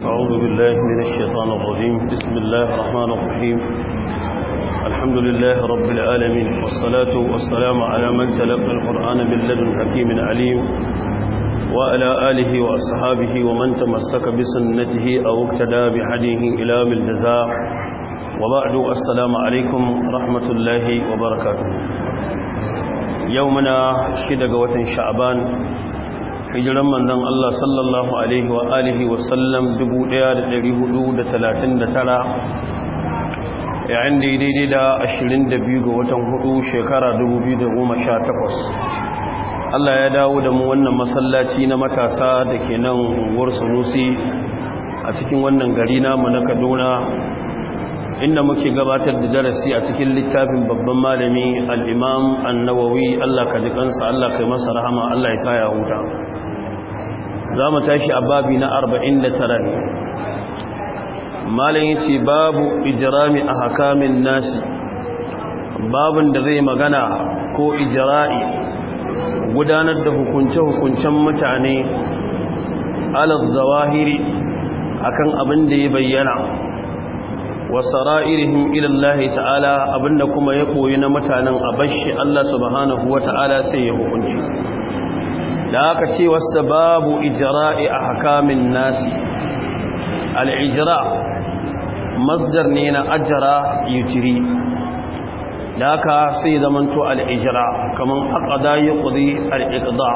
أعوذ بالله من الشيطان الرجيم بسم الله الرحمن الرحيم الحمد لله رب العالمين والصلاة والسلام على من تلقى القرآن من لدن حكيم عليم وعلى آله وأصحابه ومن تمسك بسنته أو اقتدى بحديه إلى بالجزاء وبعد السلام عليكم رحمة الله وبركاته يومنا شدق وتن شعبان hijiran manzon Allah sallallahu alaihi wa alihi wa sallam 1439 yayin da daidai da 22 ga watan hudu shekara 2018 Allah ya dawo da mu wannan masallaci na matasa da ke nan unguwar Sanusi a cikin wannan gari namu na Kaduna inda muke gabatar da darasi a cikin littafin babban malami an nawawi, Allah ka jikansa Allah kai masa rahama Allah ya sa ya huta za mu tashi a babi na 49 malin yace babu a hakamin nasi babin da zai magana ko ijra'i gudanar da hukunce-hukuncen mutane alal zawahiri akan abin da ya bayyana wa sara'irihim ila Allah ta'ala da kuma ya koyi na mutanen abashi Allah subhanahu wa ta'ala sai ya hukunci da aka ce wasu babu ijira'i a hakamin nasi al'ijira masdar ne na ajira yujiri da aka sai zamanto al'ijira kamar da ya ƙudi al'iƙada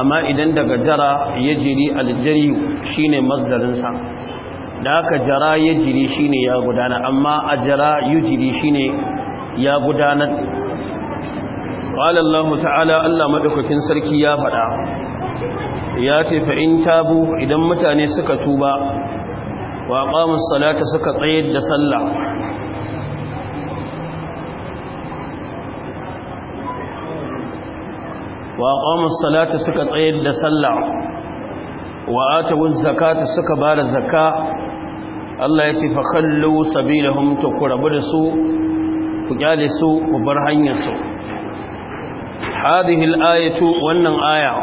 amma idan daga jara ya jiri aljari shi ne masdarinsa da aka jara ya jiri shi ne ya gudana amma ajira yujiri shi ne ya gudanar قال الله تعالى الله مدوكاكين سركي يا فدا يا تي فإن تابوا إذا متاني سكا توبا وأقاموا الصلاة سكا قيد صلى وأقاموا الصلاة سكا قيد صلى وآتوا الزكاة سكا بار الزكاة الله يتي فخلوا سبيلهم تقربوا لسوء ku kyale su ku bar hanyar su هذه الآية وأن آية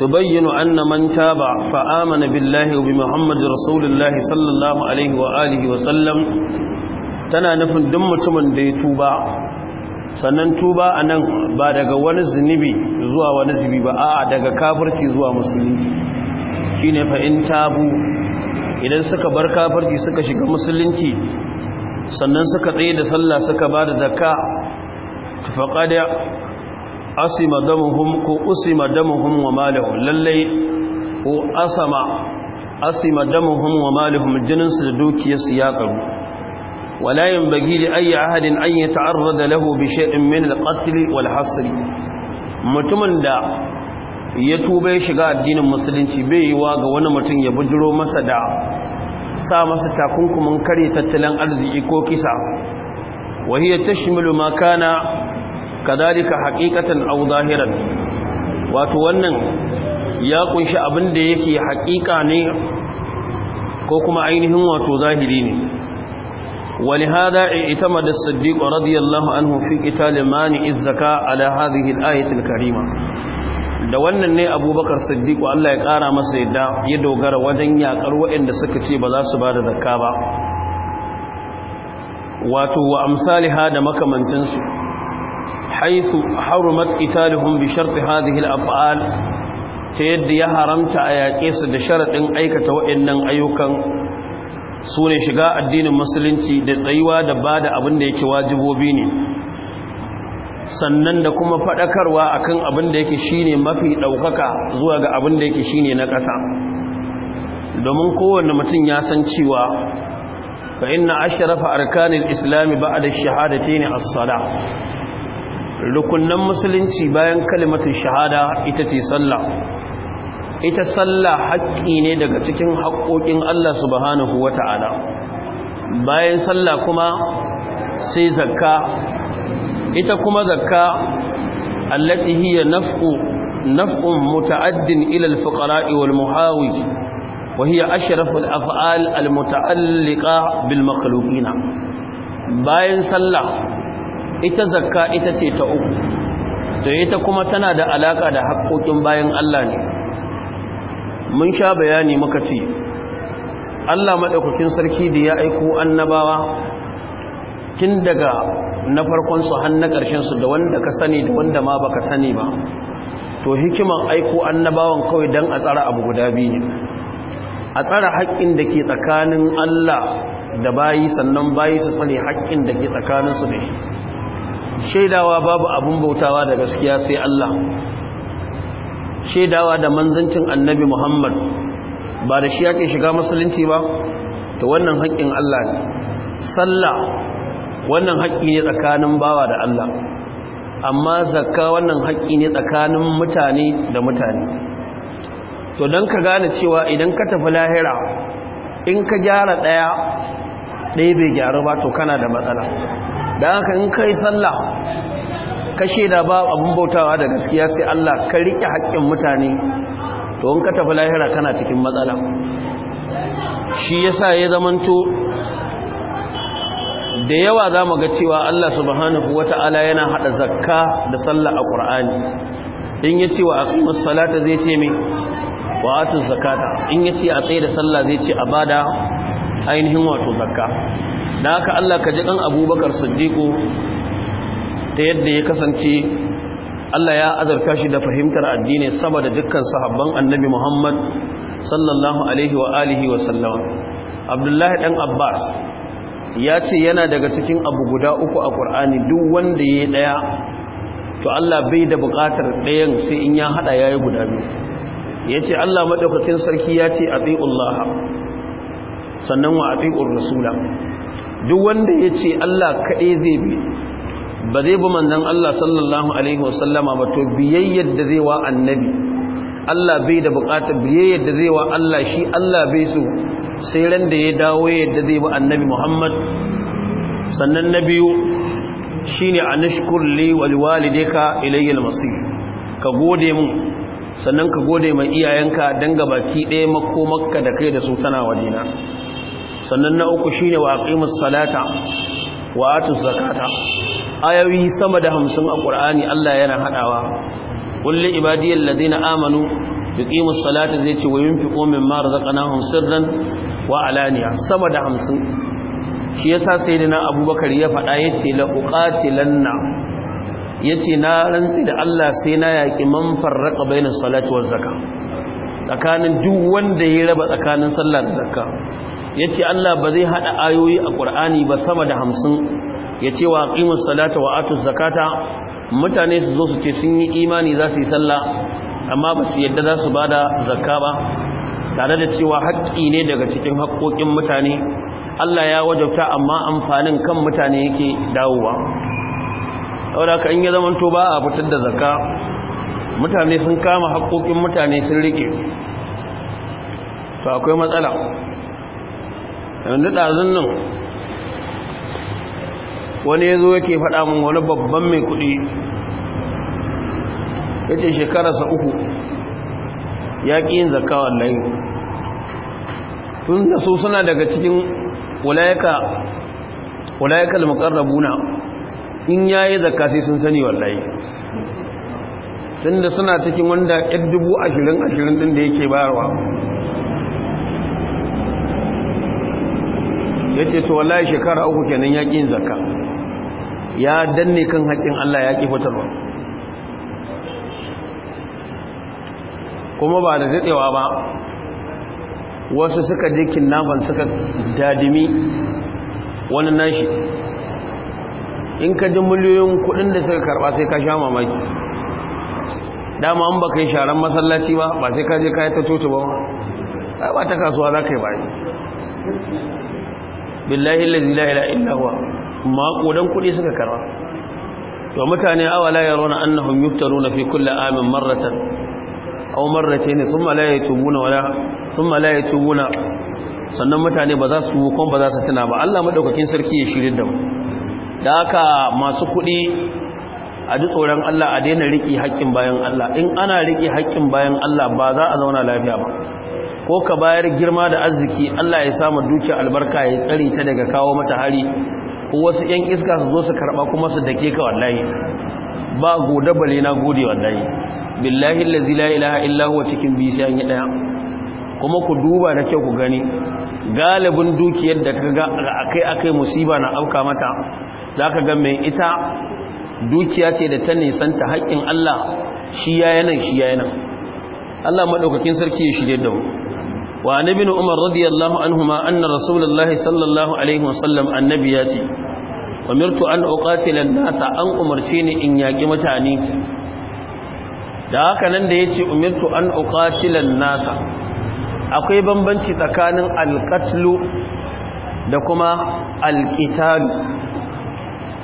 تبين أن من تابع فآمن بالله وبمحمد رسول الله صلى الله عليه وآله tana nufin نفن mutumin da ya tuba. sannan tuba a nan ba daga wani zunubi zuwa wani zubi ba A'a daga kafirci zuwa musulunci shi ne fa'in tabu idan suka bar kafirci suka shiga musulunci sannan suka tsaye da sallah suka ba da zaka faƙada asima damuhum ko usima damuhum wa malahum lallai ko asama asima damuhum wa malahum jininsu da dukiyarsu ya karu wala Bagi da ayyi ahadin an yata'arrada lahu bi shay'in min al wal hasr mutumin da ya tuba ya shiga addinin musulunci bai yiwa ga wani mutum ya bujiro masa da sa masa takunkumin karya tattalin arziki ko kisa وهي تشمل ما كان kadalika haqiqatan aw zahiran wato wannan ya ƙunshi abinda da yake haqiqa ne ko kuma ainihin wato zahiri ne ولهذا اعتمد الصديق رضي الله عنه في قتال مانع الزكاة على هذه الآية الكريمة da wannan ne abubakar siddiqu Allah ya ƙara masa yadda ya dogara wajen yaƙar waɗanda suka ce ba za su ba da zakka ba wato wa amsaliha da makamancinsu حيث حرمت قتالهم بشرط هذه الأفعال تيد يا حرمت أياكيس بشرط إن أيكة وإن أيوكا سوني شقاء الدين المسلنسي للأيوة دبادة أبن ديك واجبو بيني sannan da kuma faɗakarwa akan abin da yake ne mafi ɗaukaka zuwa ga abin da yake shine na ƙasa domin kowanne mutum ya san cewa fa inna ashrafa arkanil islam ba'da ash ne a salah rukunan musulunci bayan kalimatu shahada ita ce sallah ita sallah haƙƙi ne daga cikin haƙƙoƙin Allah subhanahu ta'ala bayan sallah kuma sai zakka ita kuma zakka allati hiya nafqu naf'un muta'addin ila al-fuqara'i wal muhawij wa hiya ashrafu al-af'al al-muta'alliqa bil makhluqina bayan sallah ita zakka ita ce ta uku to ita kuma tana da alaka da haƙoƙin bayan Allah ne mun sha bayani muka ce Allah madaukakin sarki da ya aiko annabawa tun daga na farkon su har na ƙarshen su da wanda ka sani da wanda ma baka sani ba to hikiman aiko annabawan kawai dan a tsara abu guda biyu ne a tsara haƙƙin da ke tsakanin Allah da bayi sannan bayi su tsare haƙƙin da ke tsakaninsu da shi shaidawa babu abun bautawa da gaskiya sai Allah shaidawa da manzancin annabi Muhammad ba da shi yake shiga musulunci ba to wannan haƙƙin Allah ne sallah wannan haƙƙi ne tsakanin bawa da Allah amma zakka wannan haƙƙi ne tsakanin mutane da mutane to don ka gane cewa idan ka tafi lahira in ka gyara ɗaya ɗaya bai gyaru ba to kana da matsala da haka in kai sallah kashe da ba abun bautawa da gaskiya sai Allah ka rike haƙƙin mutane to in ka tafi lahira kana cikin matsala shi yasa ya zamanto da yawa za mu ga cewa Allah subhanahu wata'ala yana hada zakka da sallah a Qur'ani in yace wa aqimus salata zai ce me wa atuz zakata in yace a tsaye da sallah zai ce abada ainihin wato zakka da haka Allah ka ji ɗan abubakar Sadiku ta yadda ya kasance Allah ya azarta shi da fahimtar addini saboda dukkan sahabban annabi Muhammad sallallahu alaihi wa alihi wa sallama Abdullahi ɗan Abbas ya ce yana daga cikin abu guda uku a ƙur'ani duk wanda yayi ɗaya to Allah bai da buƙatar ɗayan sai in ya haɗa ya yi guda biyu Ya ce Allah madaukakin sarki ya ce a atiullaha sannan wa a atiur rasula duk wanda ya ce Allah kaɗai zai bi ba zai bi manzan Allah sallallahu alaihi wasallama ba to biyayyar da zai wa annabi Allah bai da buƙatar biyayyar da zai wa Allah shi Allah bai su sai ran da ya dawo yadda zai bi annabi Muhammad sannan na biyu shine anashkur li wal dai ka ilayyar masu ka gode mu sannan ka gode mai iyayenka don gabaki ɗaya makomarka da kai da su tana wajena sannan na uku shine wa aqimus salata wa atuz zakata ayoyi sama da 50 a Qur'ani Allah yana hadawa qul li ibadiyal ladina amanu yuqimus salata zai ce wa yunfiqu mimma razaqnahum sirran wa alaniya sama da 50 shi yasa sayyidina Abubakar ya faɗa yace la uqatilanna yace na rantsi da Allah sai na yaki man farraqa bainas salati waz zakah tsakanin duk wanda ya raba tsakanin sallah da zakka ya ce Allah ba zai haɗa ayoyi a ƙur'ani ba sama da hamsin ya ce wa ƙimus salata wa atus zakata mutane su zo su ce sun yi imani za su yi sallah amma ba su yadda za su ba da zakka ba tare da cewa haƙƙi ne daga cikin haƙƙoƙin mutane Allah ya wajabta amma amfanin kan mutane yake dawowa saboda in ya zama to ba a fitar da zakka mutane sun kama haƙƙoƙin mutane sun riƙe. to akwai matsala yanzu ɗazun nan wani ya zo yake faɗa mun wani babban mai kuɗi ya ce shekararsa uku ya ƙi yin zakka wallahi tun da su suna daga cikin wulayakal makarrabuna in ya yi zakka sai sun sani wallahi tun da suna cikin wanda 'yan dubu ashirin ashirin da yake bayarwa ya ce to wallahi shekara uku kenan ya ƙin zakka ya danne kan haƙƙin Allah ya ƙi fitarwa kuma ba da daɗewa ba wasu suka je kinnafan suka dadimi wani nashi in ka ji miliyoyin kuɗin da suka karɓa sai ka sha mamaki dama an ba ka yi sharan masallaci ba ba sai ka je ka yi ta coci ba ba ta kasuwa za ka yi bayan billahi allazi la ilaha illa huwa ma kodan kudi suka karba to mutane awala yarawna annahum yuftaruna fi kulli amin marratan aw marratayn thumma la yatubuna wala thumma la yatubuna sannan mutane ba za su kuma ba za su tuna ba Allah madaukakin sarki ya shirin da mu da haka masu kudi a ji tsoron Allah a daina riki haƙƙin bayan Allah in ana riki haƙƙin bayan Allah ba za a zauna lafiya ba ko ka bayar girma da arziki Allah ya samu duki albarka ya tsare ta daga kawo mata hari ko wasu yan iska su zo su karba kuma su dake ka wallahi ba gode bale na gode wallahi billahi allazi la ilaha illa huwa cikin bi sai an yi daya kuma ku duba da kyau ku gani galibin dukiyar da kaga akai akai musiba na auka mata zaka ga mai ita dukiya ce da ta nisanta haƙƙin Allah shi ya-yanan shi ya-yanan. Allah madaukakin sarki ya shirye da mu wa na bin umar radiyallahu anhuma anna rasulullahi sallallahu alaihi wasallam annabi ya ce umirtu an uqatila an-nasa an umarce ni in yaki mutane da haka nan da yace umirtu an uqatila an-nasa akwai bambanci tsakanin al-qatlu da kuma al-qitalu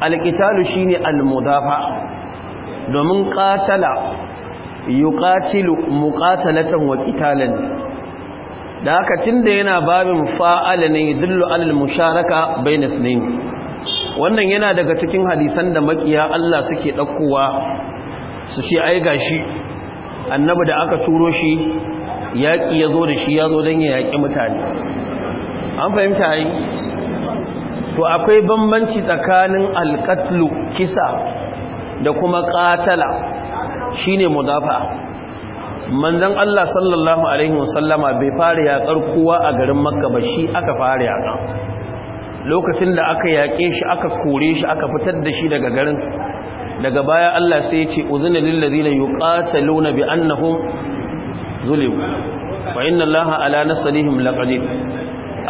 al-qitalu shine al-mudafa domin qatala yuqatilu muqatalatan wa qitalan da haka da yana babin fa'ala ne zullu alal musharaka na ithnayn wannan yana daga cikin hadisan da makiya Allah suke ɗaukowa su ce ai gashi annabi da aka turo shi yaƙi ya zo da shi ya zo don ya yaƙi mutane an fahimta yi to akwai bambanci tsakanin alƙatlu kisa da kuma ƙatala shine muzafa. manzan Allah sallallahu alaihi wasallama bai fara yaƙar kowa a garin makka ba shi aka fara yaƙa. lokacin da aka yaƙe shi aka kore shi aka fitar da shi daga garin daga baya Allah sai ya ce uzina yi ladina luna bi hun zulim wa inna laha ala na salihun laqadir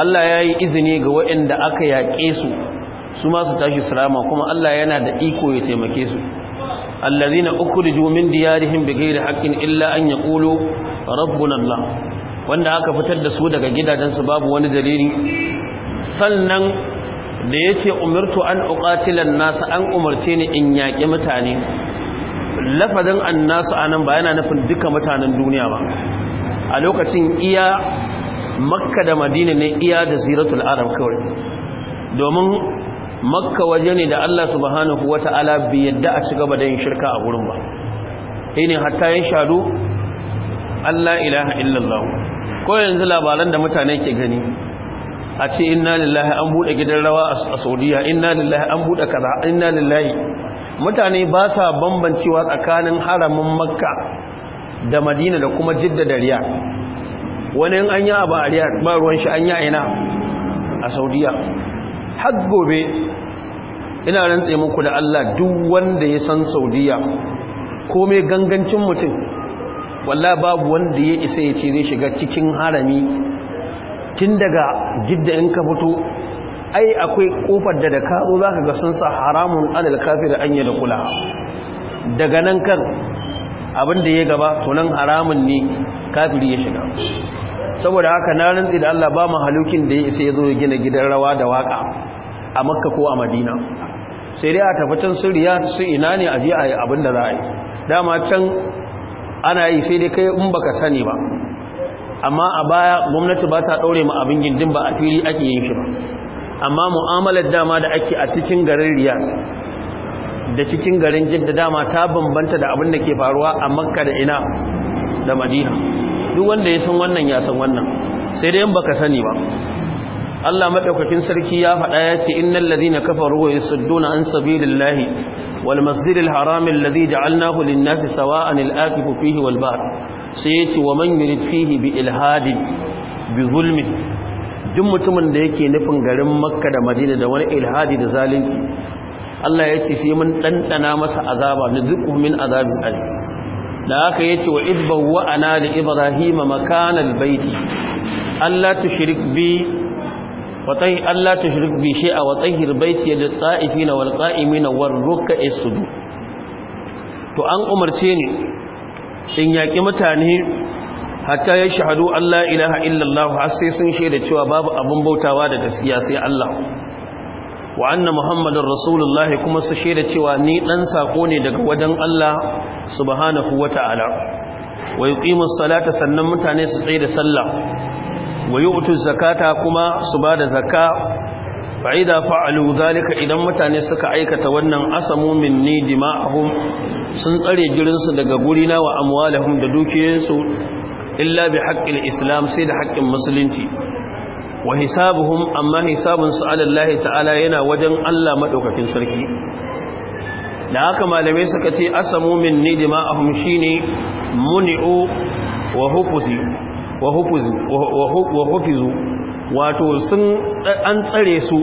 Allah ya yi izini ga waɗanda aka yaƙe su su su tashi salama kuma Allah yana da iko ya taimake su allazina أخرجوا من ديارهم بغير حق illa أن يقولوا ربنا الله wanda aka fitar da su daga su babu wani dalili sannan da yace umirtu an uqatilan nas an umarce ni in yaƙi mutane lafazin annas anan ba yana nufin duka mutanen duniya ba a lokacin iya makka da madina ne iya da ziratul arab kawai domin makka waje ne da Allah subhanahu wata'ala bai yadda a ci gaba da yin shirka a gurin ba ne hatta ya shadu Allah ilaha illallah ko yanzu labaran da mutane ke gani a ce inna lillahi an bude gidan rawa a Saudiya inna lillahi an bude kaza inna lillahi mutane ba sa bambancewa tsakanin haramin makka da madina da kuma jidda da riya wani an yi abu a riya ba ruwan shi an yi a ina a saudiya har gobe ina rantse muku da Allah duk wanda ya san Saudiya komai gangancin mutum walla babu wanda ya isa ya ce shiga cikin harami tun daga jidda in ka fito ai akwai kofar da da ka zo zaka ga sun sa haramun alal kafir an yi da kula daga nan kan abin da ya gaba to haramun ne kafiri ya shiga saboda haka na rantsi da Allah ba mahalukin da ya isa ya zo ya gina gidan rawa da waka a makka ko a madina sai dai a tafi can su riya su ina ne a je a yi abin da za a yi dama can ana yi sai dai kai in baka sani ba amma a baya gwamnati ba ta ɗaure ma abin gindin ba a fili ake yin shi ba amma mu'amalar dama da ake a cikin garin riya da cikin garin jidda dama ta bambanta da abin da ke faruwa a makka da ina da madina duk wanda ya san wannan ya san wannan sai dai in baka sani ba Allah madaukakin sarki ya faɗa ya ce innal ladina kafaru wa yasudduna an sabilillahi wal masjidil haram alladhi ja'alnahu lin-nasi sawa'an al-aqif fihi wal ba'd sai wa man yurid fihi bi ilhadin bi zulmin duk mutumin da yake nufin garin Makka da Madina da wani ilhadi da zalunci Allah ya ce sai mun dandana masa azaba na duk min azabin ali da haka yace wa idbawa ana li ibrahima makanal baiti Allah tushrik bi shi ألا تشرك بي شيئا وطيه البيت للطائفين والقائمين والركع السجود to an umarce ni Shin yaƙi mutane hatta ya shahadu Allah ilaha illallah har sai sun shaida cewa babu abin bautawa da gaskiya sai Allah wa anna muhammadar rasulullah kuma su shaida cewa ni dan sako ne daga wajen Allah subhanahu wata'ala wa yuqimus salata sannan mutane su tsaye da sallah wa yu'tu zakata kuma su Ba zakka fa idza fa'alu zalika idan mutane suka aikata wannan asamu minni dima'ahum sun tsare jirinsu daga gurina wa amwalahum da dukiyoyinsu illa bi haqqil islam sai da haƙƙin musulunci wa hisabuhum amma hisabun su ala Allah ta'ala yana wajen Allah madaukakin sarki da haka malamai suka ce asamu minni dima'ahum shine muni'u wa hukuti wa hufizu wato sun an tsare su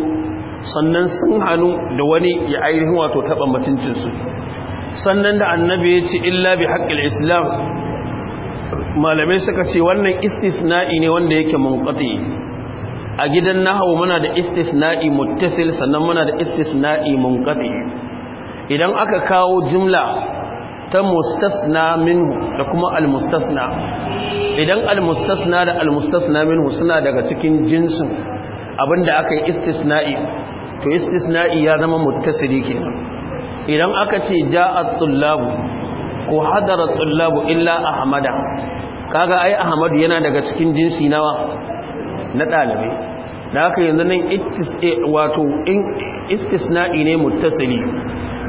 sannan sun hannu da wani ya ainihin wato taɓa mutuncinsu sannan da annabi ya ce illa bi haƙƙil islam malamai suka ce wannan istisna'i ne wanda yake munqati a gidan nahwu muna da istisna'i muttasil sannan muna da istisna'i munqati idan aka kawo jumla ta mustasna minhu da kuma almustasna idan almustasna da almustasna minhu suna daga cikin jinsin abinda aka yi istisna'i to istisna'i ya zama muttasiri kenan idan aka ce ja'at tullabu ko hadara tullabu illa ahmada kaga ai ahmadu yana daga cikin jinsi nawa na dalibai da aka yanzu nan eh, wato istisna'i ne muttasiri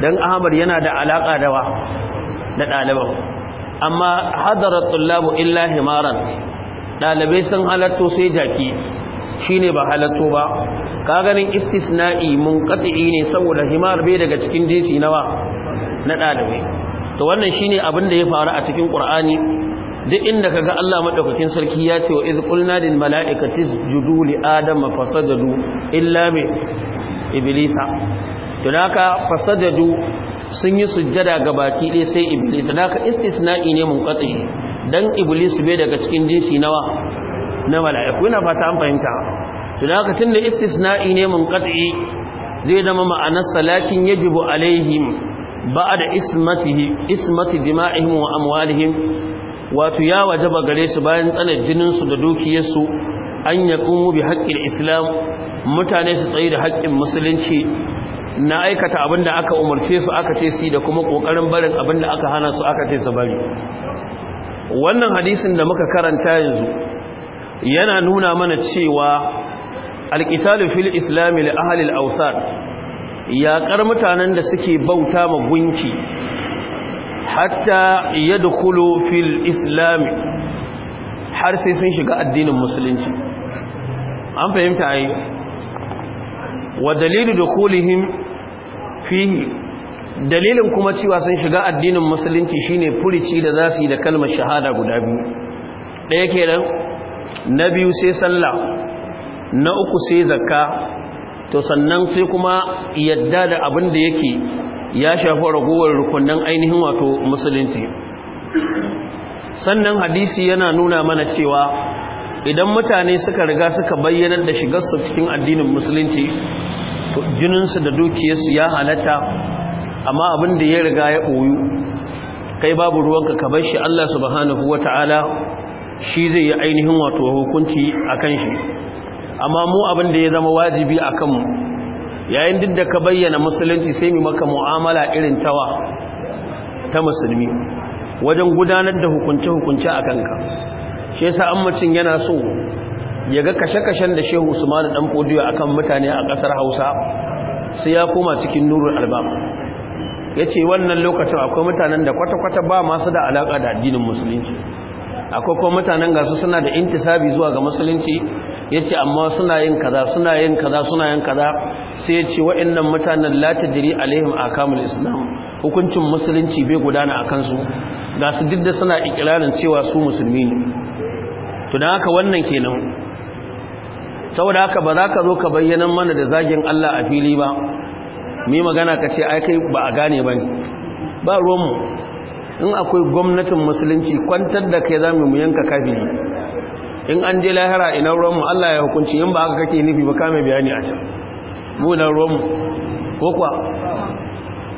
dan ahmad yana da alaka da wa na ɗaliban amma hadarar tullabu illa himaran ɗalibai sun halatto sai jaki shi ne ba halatto ba ka ganin istisna'i munqati ne saboda himar bai daga cikin jinsi nawa na ɗalibai to wannan shine abin da ya faru a cikin ƙur'ani duk inda ka ga Allah maɗaukakin sarki ya ce wa iz ƙulna din mala'ikati judu li adama fasadadu illa bi iblisa to naka fasadadu sun yi sujjada ga baki ɗaya sai iblis Na haka istisna'i ne mun katsi dan iblis bai daga cikin jinsi nawa na mala'iku ina fata an fahimta da ka tunda istisna'i ne mun katsi zai zama ma'anar salakin yajibu alaihim ba'da ismatihi ismati dima'ihim wa amwalihim wato ya wajaba gare su bayan tsana jinin su da su an yaqumu bi haqqil islam mutane su tsaye da haƙƙin musulunci na aikata abin da aka umarce su aka ce su da kuma kokarin barin abin da aka hana su aka ce su bari wannan hadisin da muka karanta yanzu yana nuna mana cewa alqitalu fil islam li ahli al ya kar mutanen da suke bauta ma gunki hatta yadkhulu fil islam har sai sun shiga addinin musulunci an fahimta ai wa dalilu dukulihim fihi dalilin kuma cewa sun shiga addinin musulunci shine furici da za su yi da kalmar shahada guda biyu ɗaya nan, na biyu sai sallah na uku sai zakka to sannan sai kuma yadda da abin da yake ya shafi ragowar rukunin ainihin wato musulunci sannan hadisi yana nuna mana cewa idan mutane suka riga suka bayyanar da shigarsu cikin addinin musulunci jininsu da dukiyarsu ya halatta amma abin da ya riga ya ɓoyu kai babu ruwanka ka bar shi Allah subhanahu wata'ala shi zai yi ainihin wato hukunci akan shi amma mu abin da ya zama wajibi a kanmu yayin duk da ka bayyana musulunci sai mu maka mu'amala irin tawa ta musulmi wajen gudanar da hukunce-hukunce a kanka shi yasa an mutum yana so ya ga kashe-kashen da shehu usman dan a akan mutane a kasar hausa sai ya koma cikin nurul albab ya ce wannan lokacin akwai mutanen da kwata-kwata ba masu da alaƙa da addinin musulunci akwai kuma mutanen gasu suna da intisabi zuwa ga musulunci ya ce amma suna yin kaza suna yin kaza suna yin kaza sai ya ce wa'annan mutanen a alaihim a kamun islam hukuncin musulunci bai gudana a kansu gasu duk da suna ikirarin cewa su musulmi ne to haka wannan kenan saboda haka ba za ka zo ka bayyana mana da zagin Allah a fili ba mi magana ka ce ai kai ba a gane ba ne ba ruwanmu in akwai gwamnatin musulunci kwantar da kai za mu yanka kafiri in an je lahira ina ruwanmu Allah ya hukunci in ba haka kake nufi ba kame bayani a can mu na ruwanmu ko kuwa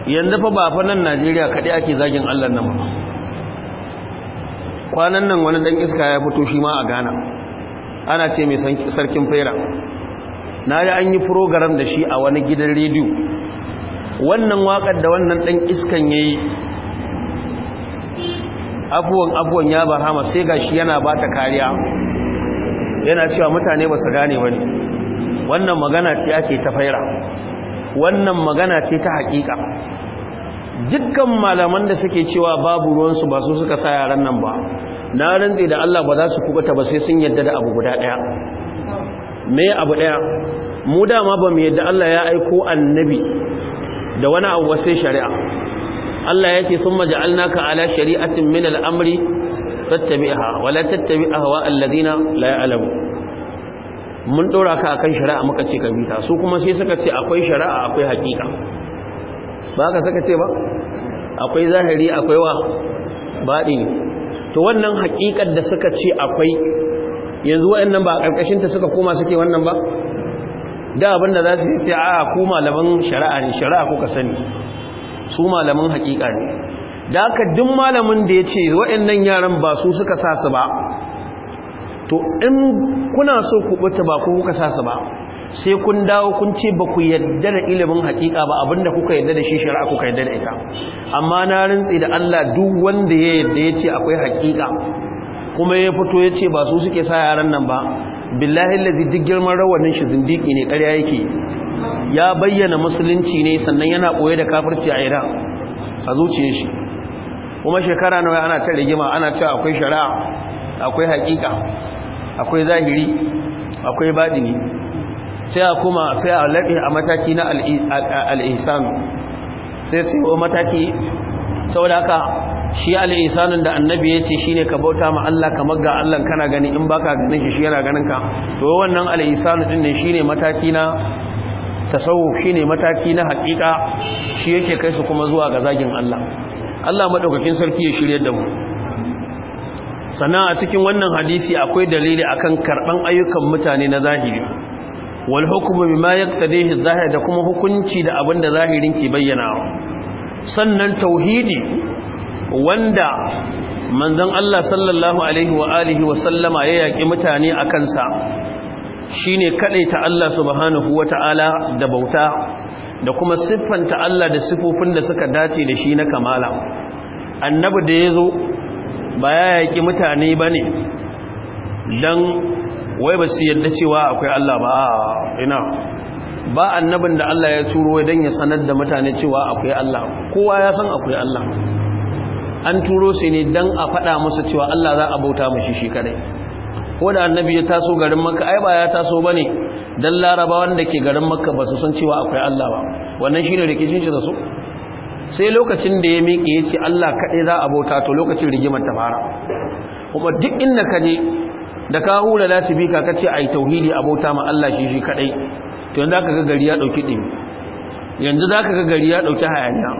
yanzu fa ba fa nan Najeriya kaɗai ake zagin Allah nan ba kwanan nan wani dan iska ya fito shi ma a Ghana ana ce mai sarkin fera na yi an yi program da shi a wani gidan rediyo wannan wakar da wannan ɗan iskan ya yi abuwan abuwan ya ba hama sai ga shi yana ba ta kariya yana cewa mutane ba su gane wani wannan magana ce ake ta Fera. wannan magana ce ta hakika dukkan malaman da suke cewa babu ruwansu ba su suka sa yaran nan ba na rantsi da Allah ba za su kubuta ba sai sun yadda da abu guda daya me abu daya mu dama ba mu yadda Allah ya aiko annabi da wani abu wasu shari'a Allah yake sun maja'alnaka ala shari'atin min al-amri fattabi'ha wa la tattabi' ahwa alladhina la ya'lamu mun dora ka akan shari'a muka ce ka bi ta su kuma sai suka ce akwai shari'a akwai hakika ba ka suka ce ba akwai zahiri akwai wa baɗi to wannan haƙiƙar da suka ce akwai yanzu waɗannan ba a ƙarƙashinta suka koma suke wannan ba da abinda za su yi sai a ku malaman shari'a ne shari'a kuka sani su malaman haƙiƙa ne da aka duk malamin da ya ce waɗannan yaran ba su suka sa su ba to in kuna so ku ɓuta ba ku kuka sa su ba sai kun dawo kun ce ba ku yadda da ilimin hakika ba abinda kuka yadda da shi shari'a kuka yadda da ita amma na rantsi da Allah duk wanda ya yadda ya ce akwai hakika kuma ya fito ya ce ba su suke sa yaran nan ba billahi lazi duk girman rawanin shi zindiki ne ƙarya yake ya bayyana musulunci ne sannan yana koye da kafirci a Iran a zuciyar shi kuma shekara nawa ana ta rigima ana ta akwai shari'a akwai hakika akwai zahiri akwai badini sai a kuma sai a laɗe a mataki na al'isan sai sai o mataki da aka shi al'isanin da annabi ya ce shi ne ka bauta ma Allah kamar ga Allah kana gani in baka ganin shi shi yana ganin ka to wannan al'isanin din ne shine mataki na shi shine mataki na haƙiƙa shi yake kai su kuma zuwa ga zagin Allah Allah maɗaukakin sarki ya shirya da mu sannan a cikin wannan hadisi akwai dalili akan karban ayyukan mutane na zahiri wal hukmu bima yaqtadihi zahir da kuma hukunci da abinda zahirin ke bayyana sannan tauhidi wanda manzon Allah sallallahu alaihi wa alihi wa sallama ya yaki mutane akan sa shine kadaita Allah subhanahu wataala da bauta da kuma siffanta Allah da sifofin da suka dace da shi na kamala annabi da yazo ba ya yaki mutane bane dan wai ba su yadda cewa akwai Allah ba a ina ba annabin da Allah ya turo don ya sanar da mutane cewa akwai Allah kowa ya san akwai Allah an turo su ne don a faɗa musu cewa Allah za a bauta mashi shi kadai ko da annabi ya taso garin maka ai ba ya taso ba ne don laraba wanda ke garin maka ba su san cewa akwai Allah ba wannan shi ne rikicin shi da su sai lokacin da ya miƙe ya ce Allah kaɗai za a bauta to lokacin rigimar ta fara kuma duk inda ka je da ka hula bi ka ce a tauhidi abota ma Allah shi shi kaɗai to yanzu zaka ga gari ya ɗauki ɗin yanzu za ga gari ya ɗauki hayaniya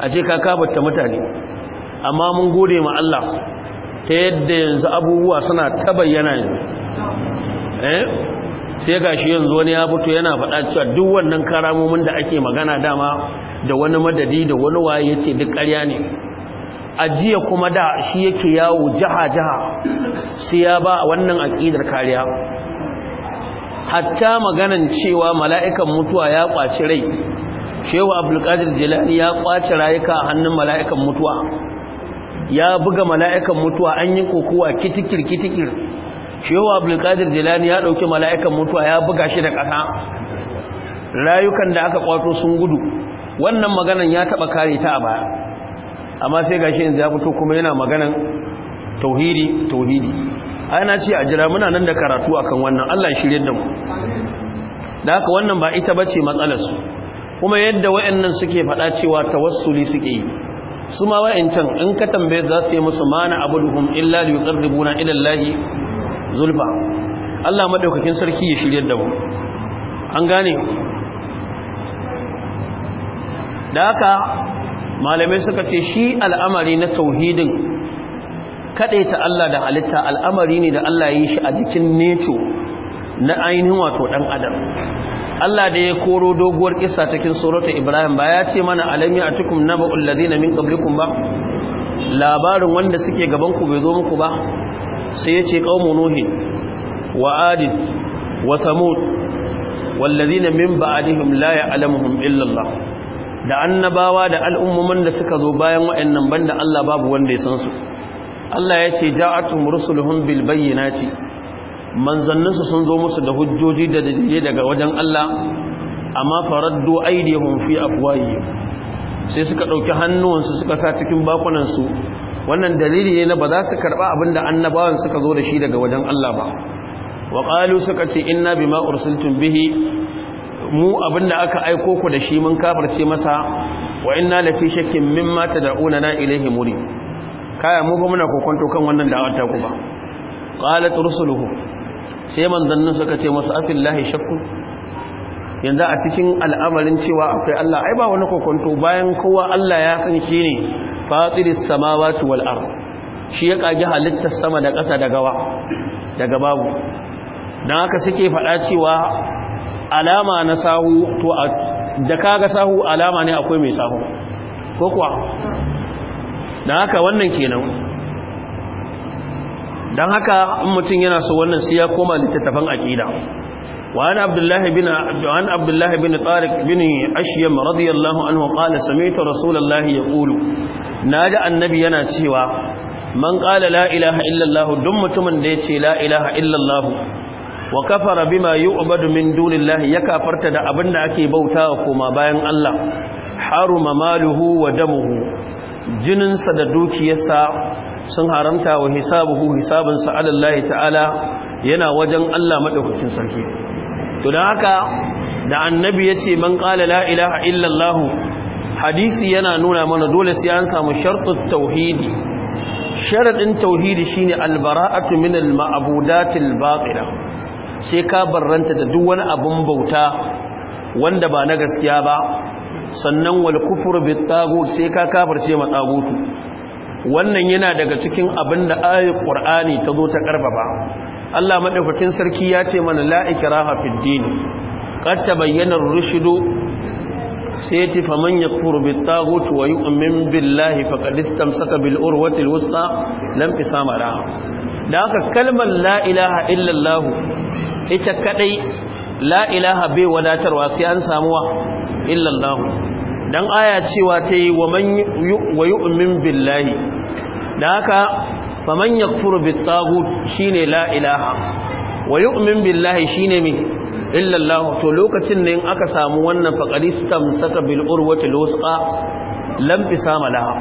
a ce ka kabata mutane amma mun gode ma Allah ta yadda yanzu abubuwa suna ta bayyana yanzu eh? sai gashi yanzu wani ya fito yana faɗa cewa duk wannan karamomin da ake magana dama da wani madadi da wani waye yace duk ƙarya ne ajiya kuma da shi yake yawo jaha-jaha sai ya ba wannan aƙidar kariya hatta maganan cewa mala'ikan mutuwa ya ƙwaci rai shehu abdulkadir jilani ya ƙwaci rayuka a hannun mala'ikan mutuwa ya buga mala'ikan mutuwa an yi kokowa kitikir-kitikir shehu abdulkadir jilani ya ɗauki mala'ikan mutuwa ya buga shi da ƙasa rayukan da aka ƙwato sun gudu wannan maganan ya taɓa kare ta a baya amma sai gashi yanzu ya fito kuma yana maganan tauhidi tauhidi ana ce a jira muna nan da karatu akan wannan Allah ya shirye da mu da haka wannan ba ita bace matsalar su kuma yadda wayannan suke faɗa cewa tawassuli suke yi su ma wayancan in ka tambaye za su yi musu mana abuluhum illa yuqarribuna ila Allah zulfa Allah madaukakin sarki ya shirye da mu an gane da haka malamai suka ce shi al'amari na tauhidin kaɗai ta Allah da halitta al'amari ne da Allah yi shi a jikin neco na ainihin wato ɗan adam Allah da ya koro doguwar kisa cikin surata Ibrahim ba ya ce mana alami a tukum na ba'ul ladina min qablikum ba labarin wanda suke gaban ku bai zo muku ba sai ya ce qaumun nuhi wa adid wa samud wal ladina min ba'dihim la ya'lamuhum illa Allah da annabawa da al'ummomin da suka zo bayan wa'annan banda Allah babu wanda ya san su Allah ya ce ja'atum rusuluhum bil bayyinati manzanninsu sun zo musu da hujjoji da dalilai daga wajen Allah amma faraddu aydihum fi afwahihim sai suka ɗauki hannuwansu suka sa cikin bakunansu wannan dalili ne na ba za su abin da annabawan suka zo da shi daga wajen Allah ba wa qalu suka ce inna bima ursiltum bihi mu abinda aka aiko ku da shi mun kafirce masa wa inna lafi shakkin mimma tad'una na ilaihi muri kaya mu ba muna kokonto kan wannan da'awar ta ku ba qalat rusuluhu sai manzannin suka ce masu afillahi shakku yanzu a cikin al'amarin cewa akwai Allah ai ba wani kokonto bayan kowa Allah ya san shi ne fatiris samawati wal ard shi ya kage halittar sama da ƙasa daga wa daga babu dan haka suke faɗa cewa alama na sahu to da kaga sahu alama ne akwai mai sahu ko kuwa dan haka wannan kenan dan haka in mutum yana so wannan sai ya koma littattafan aqida وعن عبد Abdullahi بن عن عبد الله بن طارق بن اشيم رضي الله عنه قال سمعت رسول الله يقول yana cewa man qala la ilaha illa allah duk mutumin da yace la ilaha illa allah wa kafara bima yu'badu min dunillahi ya kafarta da abinda ake bautawa koma bayan Allah haruma maluhu wa damuhu jininsa da dukiyarsa sun haramta wa hisabuhu hisabinsa alallahi ta'ala yana wajen Allah madaukakin sarki to dan haka da annabi yace man qala la ilaha illallah hadisi yana nuna mana dole sai an samu shartut tauhidi sharadin tauhidi shine albara'atu min alma'budatil Baqira. sai ka barranta da duk wani abun bauta wanda ba na gaskiya ba sannan wal kufur bit sai ka kafirce ma tagutu wannan yana daga cikin abin da ayatul qur'ani ta zo ta karfafa Allah madaukakin sarki ya ce mana la ikraha fid din qad tabayyana ar-rushd sai yace faman yakfur bit tagut wa yu'min billahi faqad istamsaka bil urwati al-wuthqa lam isama da haka kalmar la ilaha ita kadai la'ilaha bai wadatarwa sai an samuwa illallah dan aya cewa ta yi wa man yu'min billahi da haka faman yakfuru bitaghut shine la ilaha wa yu'min billahi shine mi illallah to lokacin ne in aka samu wannan faqalistam saka bil urwati lusqa lam sama laha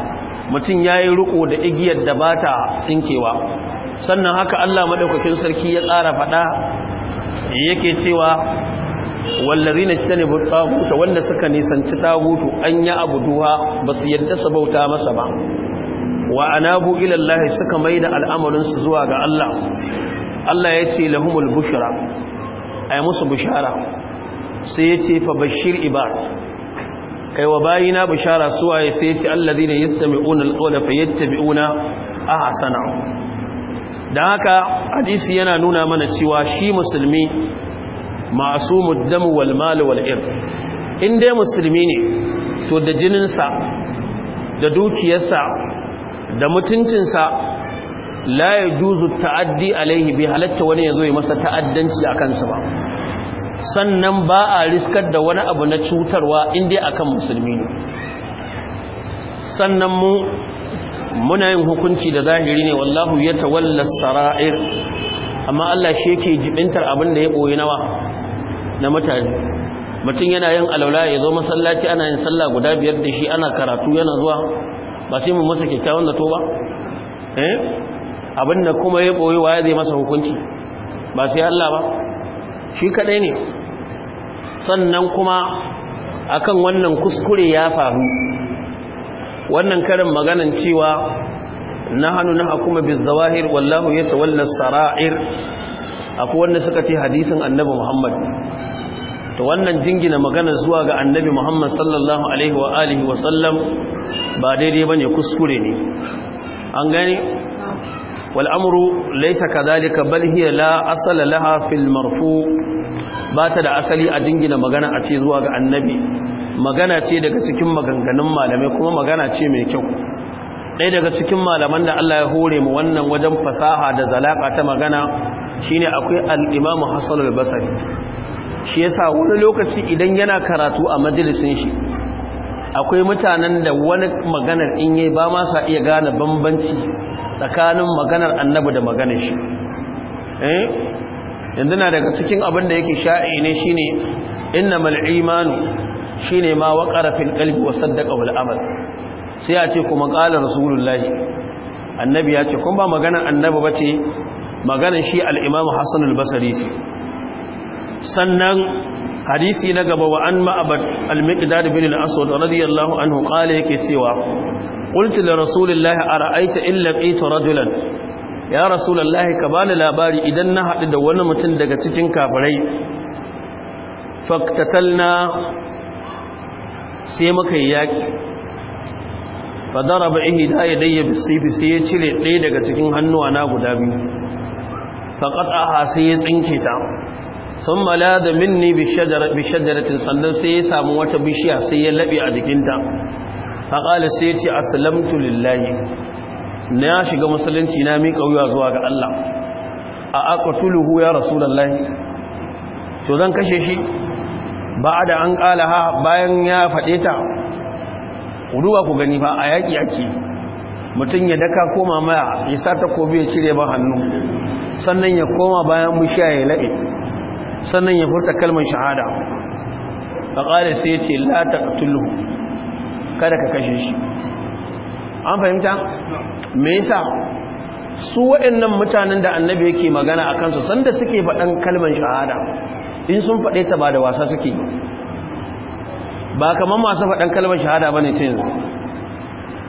mutun yayi riko da igiyar da bata tsinkewa sannan haka Allah madaukakin sarki ya tsara faɗa yake cewa wallazina istanibu taguta wanda suka nisanci tagutu an ya abuduha basu yarda su bauta masa ba wa anabu ila suka maida al'amarin su zuwa ga Allah Allah yace lahumul bushra ay musu bushara sai ce fa bashir ibad kai wa bayina bushara suwaye sai yace allazina yastami'una al-qawla a ahsana da haka hadisi yana nuna mana cewa shi musulmi masu muddamu wal mal wal ir in dai musulmi ne to da jininsa da dukiyarsa da mutuncinsa la juzu ta'addi alaihi bi halatta wani yazo ya masa ta'addanci a kansa ba sannan ba a riskar da wani abu na cutarwa in dai akan musulmi ne sannan mu muna yin hukunci da zahiri ne wallahu ya tawalla sara'ir amma Allah shi yake jibintar abin da ya boye nawa na mutane mutum yana yin alaula ya zo masallaci ana yin sallah guda biyar da shi ana karatu yana zuwa ba sai mu masa kyakkyawan da to ba eh abin da kuma ya boye waye zai masa hukunci ba sai Allah ba shi kadai ne sannan kuma akan wannan kuskure ya faru wannan karin maganan cewa nahanu nahakuma bizawahir wallahu yatawalla sarair akwai wanda suka ce hadisin annabi Muhammad to wannan jingina magana zuwa ga annabi Muhammad sallallahu alaihi wa alihi wa sallam ba daidai bane kuskure ne an gani? wal amru laysa kadhalika bal hiya la asala laha fil marfu ba ta da asali a jingina magana a ce zuwa ga annabi magana ce daga cikin maganganun malamai kuma magana ce mai kyau ɗaya daga cikin malaman da Allah ya hore mu wannan wajen fasaha da zalaka ta magana shine akwai al-Imam Hassan al-Basri shi yasa wani lokaci idan yana karatu a majalisin shi akwai mutanen da wani maganar in yayi ba ma sa iya gane bambanci tsakanin maganar annabi da maganar shi eh? yanzu na daga cikin abin da yake sha'i ne shine innamal imanu shine ma waqara fil qalbi wa saddaqa wal amal sai ya ce kuma qala rasulullahi annabi ya ce kun ba maganar annabi bace maganar shi al-imamu hasan al-basri sannan hadisi na gaba wa an ma'abad al-miqdad bin al-aswad radiyallahu anhu qala yake cewa qultu li rasulillahi ara'aita illa qitu rajulan ya rasulullahi ka bani labari idan na haɗu da wani mutum daga cikin kafirai faktatalna sai muka yi yaƙi fadara ba ihi da ya dayya bisifi sai ya cire ɗaya daga cikin hannuwa na guda biyu faƙat aha sai ya tsinke ta sun mala da minni bishadaratin sannan sai ya samu wata bishiya sai ya laɓe a jikinta faƙali sai ya ce asalamtu lillahi na shiga musulunci na mika wuya zuwa ga Allah a aqtuluhu ya rasulullahi to zan kashe shi ba da an ha bayan ya faɗe ta ruwa ku gani ba a yaƙi yaƙi mutum ya daka koma maya ya sata ko ya cire ba hannu sannan ya koma bayan mushi ya laɓe sannan ya furta kalmar shahada a ƙada sai ya ce lata kada ka kashe shi an fahimta? me yasa su waɗannan mutanen da annabi yake magana a kansu sanda suke faɗan kalmar shahada in sun faɗe ta ba da wasa suke ba kamar masu faɗan kalmar shahada ba ne ta yanzu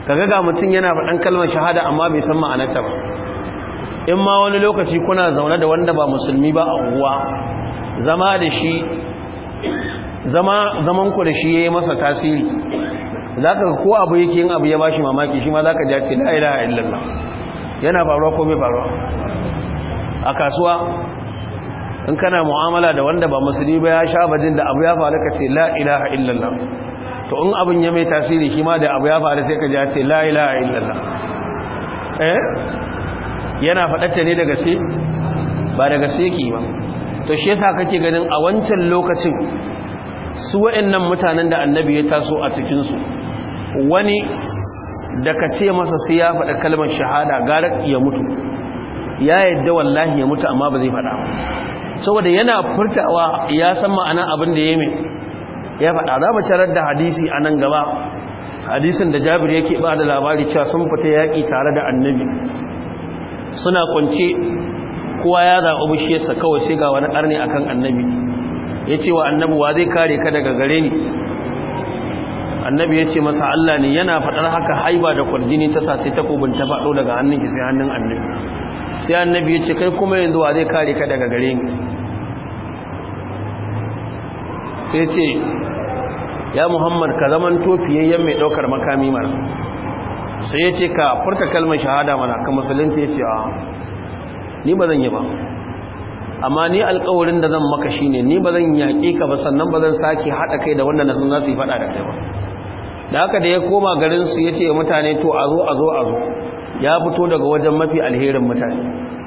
kaga ga mutum yana faɗan kalmar shahada amma bai san ma'anarta ba in ma wani lokaci kuna zaune da wanda ba musulmi ba a uwa zama da shi zaman ku da shi ya yi masa tasiri za ka ko abu yake yin abu ya ba shi mamaki shi ma za ka jace la'ila a illallah yana faruwa ko mai faruwa a kasuwa in kana mu'amala da wanda ba musulmi ba ya sha bajin da abu ya faru ka ce la ilaha illallah to in abin ya mai tasiri shi ma da abu ya faru sai ka ji ya ce la ilaha illallah eh yana fadatta ne daga sai ba daga sai ki ba to shi yasa kake ganin a wancan lokacin su wa'annan mutanen da annabi ya taso a cikin su wani da ka ce masa sai ya faɗa kalmar shahada gara ya mutu ya yadda wallahi ya mutu amma ba zai faɗa saboda yana furtawa ya san ma'ana abin da ya mai ya faɗa za mu tarar da hadisi a nan gaba hadisin da jabir yake ba da labari cewa sun fita yaki tare da annabi suna kwance kowa ya zaɓi bishiyarsa kawai sai ga wani ƙarni akan annabi ya ce wa annabi wa zai kare ka daga gare ni annabi ya ce masa Allah ne yana faɗar haka haiba da kwarjini ta sa sai takobin ta faɗo daga hannun sai hannun annabi sai annabi ya ce kai kuma yanzu wa zai kare ka daga gare ni sai ce ya muhammad ka zaman tofiyayyen mai daukar makami mana sai ya ce ka furta kalmar shahada mana ka musulunta ya ce a ni ba zan yi ba amma ni alkawarin da zan maka shi ne ni ba zan yaƙi ka ba sannan ba zan sake haɗa kai da wanda nasu nasu za yi faɗa da kai ba da haka da ya koma garinsu ya ce mutane to a zo a zo a zo ya fito daga wajen mafi alherin mutane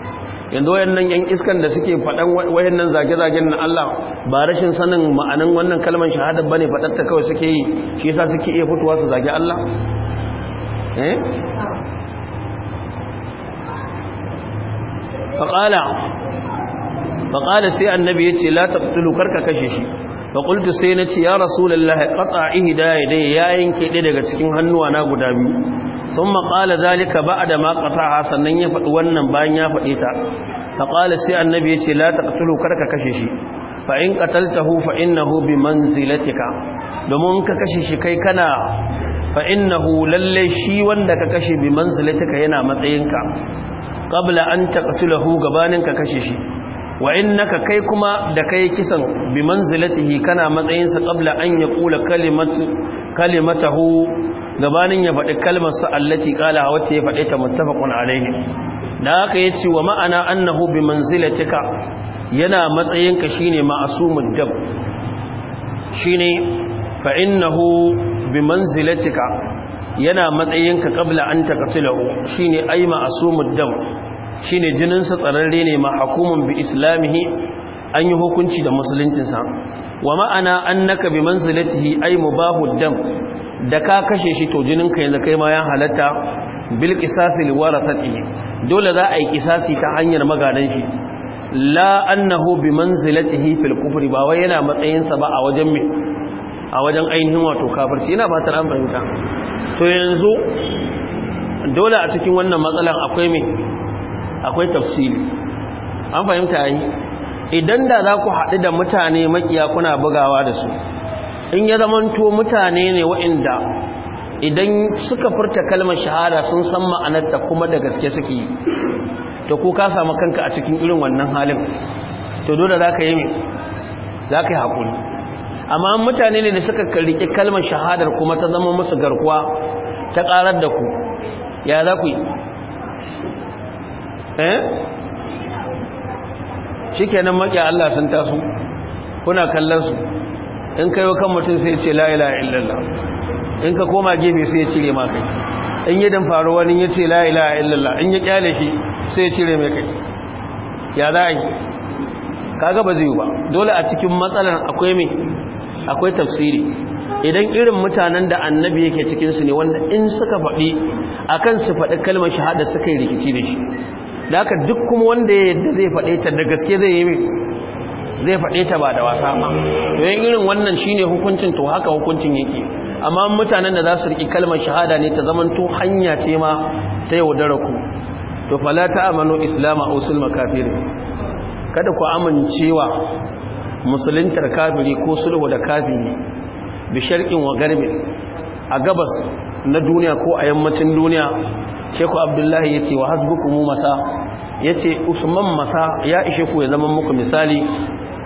yanzu wayannan yan iskan da suke faɗan wayannan zage-zagen na Allah ba rashin sanin ma'anin wannan kalmar shahada bane faɗatta kawai suke yi shi yasa suke iya fitowa su zage Allah eh faqala faqala sai annabi yace la taqtulu karka kashe shi fa qultu sai nace ya rasulullahi qata ihdaya dai ya yanke ɗaya daga cikin hannuwa na guda biyu thumma qala zalika ba'da ma qataha sannan ya faɗi wannan bayan ya faɗe ta fa qala sai annabi yace la taqtulu karka kashe shi fa in qataltahu fa innahu bi manzilatika domin ka kashe shi kai kana fa innahu lalle shi wanda ka kashe bi manzilatika yana matsayinka qabla an taqtulahu gabanin ka kashe shi wa innaka kai kuma da kai kisan bi manzilatihi kana matsayin sa qabla an yaqula kalimatu kalimatahu gabanin ya faɗi kalmar sa allati qala wacce ya faɗe ta muttafaqun alayhi da haka yace wa ma'ana annahu bi manzilatika yana matsayin ka shine ma'sumud dab shine fa innahu bi manzilatika yana matsayin ka qabla an taqtilahu shine ay ma'sumud dab Shi ne jininsa tsararre ne ma hakumun bi islamihi an yi hukunci da musuluncinsa wa ma'ana an naka bi manzilatihi ay mubahu dam da ka kashe shi to jininka yanzu kai ma ya halatta bil qisasi li warathatihi dole za a yi qisasi ta hanyar magadan shi la annahu bi manzilatihi fil kufri ba wai yana matsayin sa ba a wajen me a wajen ainihin wato kafirci ina fatar an fahimta to yanzu dole a cikin wannan matsalan akwai me akwai tafsiri an fahimta yi idan da za ku haɗu da mutane makiya kuna bugawa da su in ya zamanto mutane ne wa'inda idan suka furta kalmar shahada sun san ma'anarta kuma da gaske suke yi to ko ka samu kanka a cikin irin wannan halin to dole za ka yi mai za ka yi haƙuri amma mutane ne da suka riƙe kalmar shahadar kuma ta zama musu garkuwa ta ƙarar da ku ya za ku yi eh nan makiya Allah sun taso kuna kallonsu in kai wa kan mutum sai ce la’ila ilaha illallah in ka koma gefe sai ya cire ma kai in yi dan faru wani ya ce la’ila ilaha illallah in ya kyale shi sai ya cire mai kai ya za a yi kaga ba zai ba dole a cikin matsalar akwai mai akwai tafsiri idan irin mutanen da annabi yake cikinsu ne wanda in suka faɗi akan su faɗi kalmar shahada suka yi rikici da shi da haka duk kuma wanda yadda zai faɗe ta da gaske zai yi zai faɗe ta ba da wasa ma yayin irin wannan shine hukuncin to haka hukuncin yake amma mutanen da za su riƙi kalmar shahada ne ta zaman to hanya ce ma ta yaudara ku to fala ta amanu islama usul sulma kada ku amincewa musuluntar kafiri ko sulhu da kafiri bi sharqin wa garbi a gabas na duniya ko a yammacin duniya sheku abdullahi ya ce wa hasbukumu masa ya ce usman masa ya ishe ku ya zama muku misali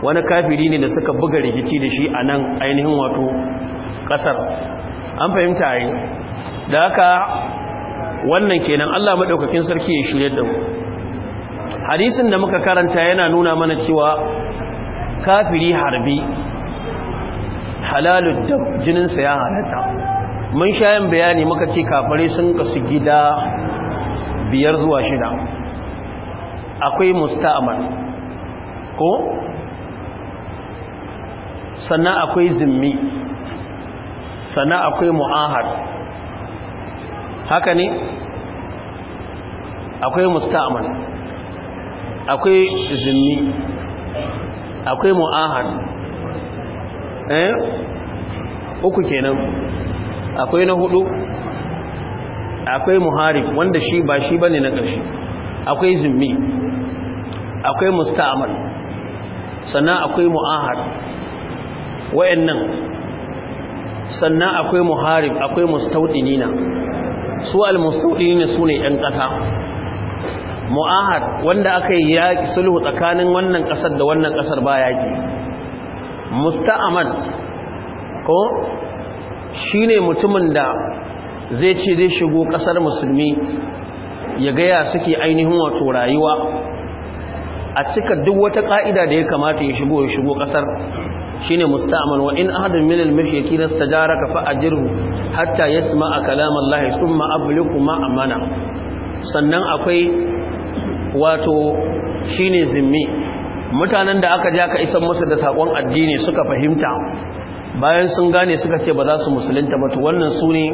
wani kafiri ne da suka buga rikici da shi a nan ainihin wato ƙasar an fahimta yi da haka wannan kenan allah maɗaukakin sarki ya shirya da mu hadisin da muka karanta yana nuna mana cewa kafiri harbi halalun da jininsa ya halatta mun shayin bayani muka ce kafare sun kasu gida biyar zuwa shida akwai musta'amar ko sannan akwai zimmi sannan akwai mu'ahad haka ne akwai musta'amar akwai zimmi akwai mu'ahad eh uku kenan akwai na hudu akwai muharib wanda shi ba shi bane na ƙarshe akwai zimmi akwai musta'amal sannan akwai mu'ahad wayannan sannan akwai muharib akwai mustaudinina. su al mustaudinina sune ɗan ƙasa mu'ahad wanda aka yi yaƙi sulhu tsakanin wannan ƙasar da wannan ƙasar ba yaƙi musta'aman ko shine mutumin da zai ce zai shigo ƙasar musulmi ya gaya suke ainihin wato rayuwa a cika duk wata ka'ida da ya kamata ya shigo ya shigo kasar shine musta'mal wa in ahadun min al jara istajaraka fa ajirhu hatta yasma'a kalam Allah thumma ablighu ma amana sannan akwai wato shine zimmi mutanen da aka ja ka isa musu da sakon addini suka fahimta bayan sun gane suka ce ba za su musulunta ba to wannan sune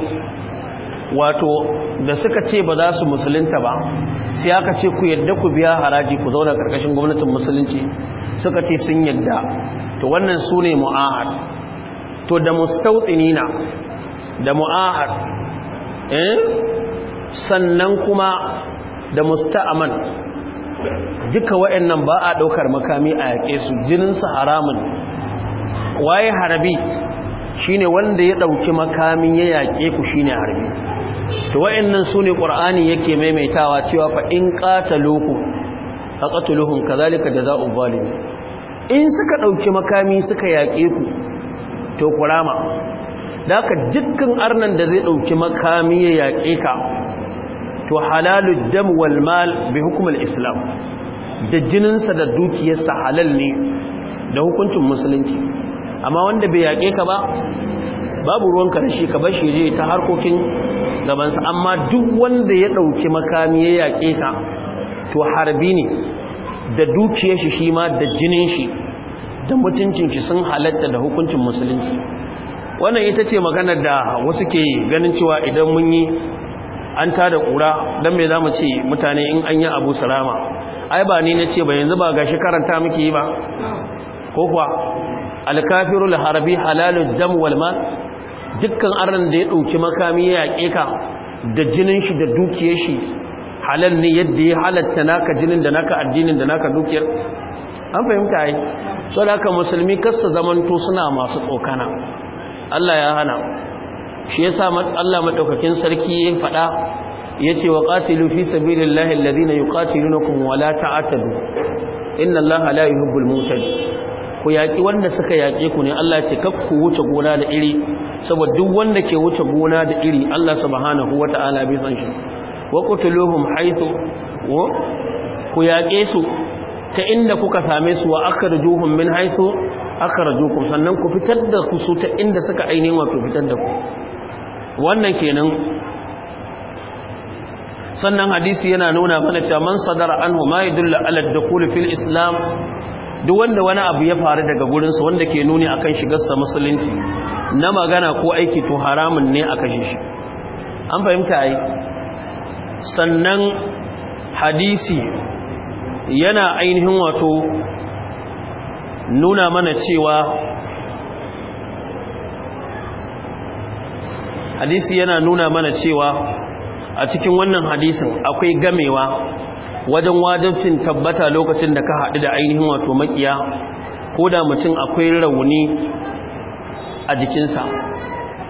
wato da suka ce ba za su musulunta ba sai aka ce ku yadda ku biya haraji ku zauna karkashin gwamnatin musulunci suka ce sun yadda to wannan su ne mu'ahad to da mustautinina da mu'ahad eh? sannan kuma da musta'aman duka wayannan ba a ɗaukar makami a yaƙe su jininsu haramun waye harabi shine wanda ya ɗauki makamin ya yake ku shine harbi to wayannan sune qur'ani yake maimaitawa cewa fa in qataluhu faqatuluhum kadhalika jazaa'u zalimi in suka dauki makami suka yake ku to kurama daka dukkan arnan da zai dauki makami ya yaƙe ka to halalud dam wal mal bi hukm al islam da jininsa da dukiyarsa halal ne da hukuncin musulunci amma wanda bai yaƙe ka ba babu ruwan karshe, ka bar shi je ta harkokin gabansa amma duk wanda ya ɗauki makami ya yake ka to harbi ne da dukiyar shi shi ma da jinin shi da mutuncin shi sun halatta da hukuncin musulunci wannan ita ce maganar da wasu ke ganin cewa idan mun yi an tada kura dan me zamu ce mutane in an yi Abu Salama ai ba ni nace ba yanzu ba gashi karanta muke yi ba ko kuwa al-kafiru harbi halalud dam wal mal dukkan aron da ya ɗauki makami ya yake ka da jinin shi da dukiyar shi halal ne yadda ya halatta naka jinin da naka addinin da naka dukiyar an fahimta ai so da musulmi kassa zamanto suna masu tsokana Allah ya hana shi yasa Allah madaukakin sarki ya faɗa yace wa qatilu fi sabilillahi alladhina yuqatilunakum wala la ta'tadu inna Allaha la yuhibbul mutadin ku yaƙi wanda suka yake ku ne Allah ya ce kakku wuce gona da iri saboda duk wanda ke wuce gona da iri Allah subhanahu wata'ala bai san shi wa qutuluhum haythu wa ku yaƙe su ta inda kuka same su wa akhrijuhum min haythu akhrijukum sannan ku fitar da ku su ta inda suka ainihin wato fitar da ku wannan kenan sannan hadisi yana nuna mana cewa man sadara anhu ma yadullu ala ad-dukhul fil islam duk wanda wani abu ya faru daga gurinsa wanda ke nuni akan shigarsa musulunci na magana ko aiki to haramun ne a kashe shi an fahimta ai sannan hadisi yana ainihin wato nuna mana cewa hadisi yana nuna mana cewa a cikin wannan hadisin akwai gamewa wajen wajabcin tabbata lokacin da ka haɗu da ainihin wato makiya ko da mutum akwai rauni a jikinsa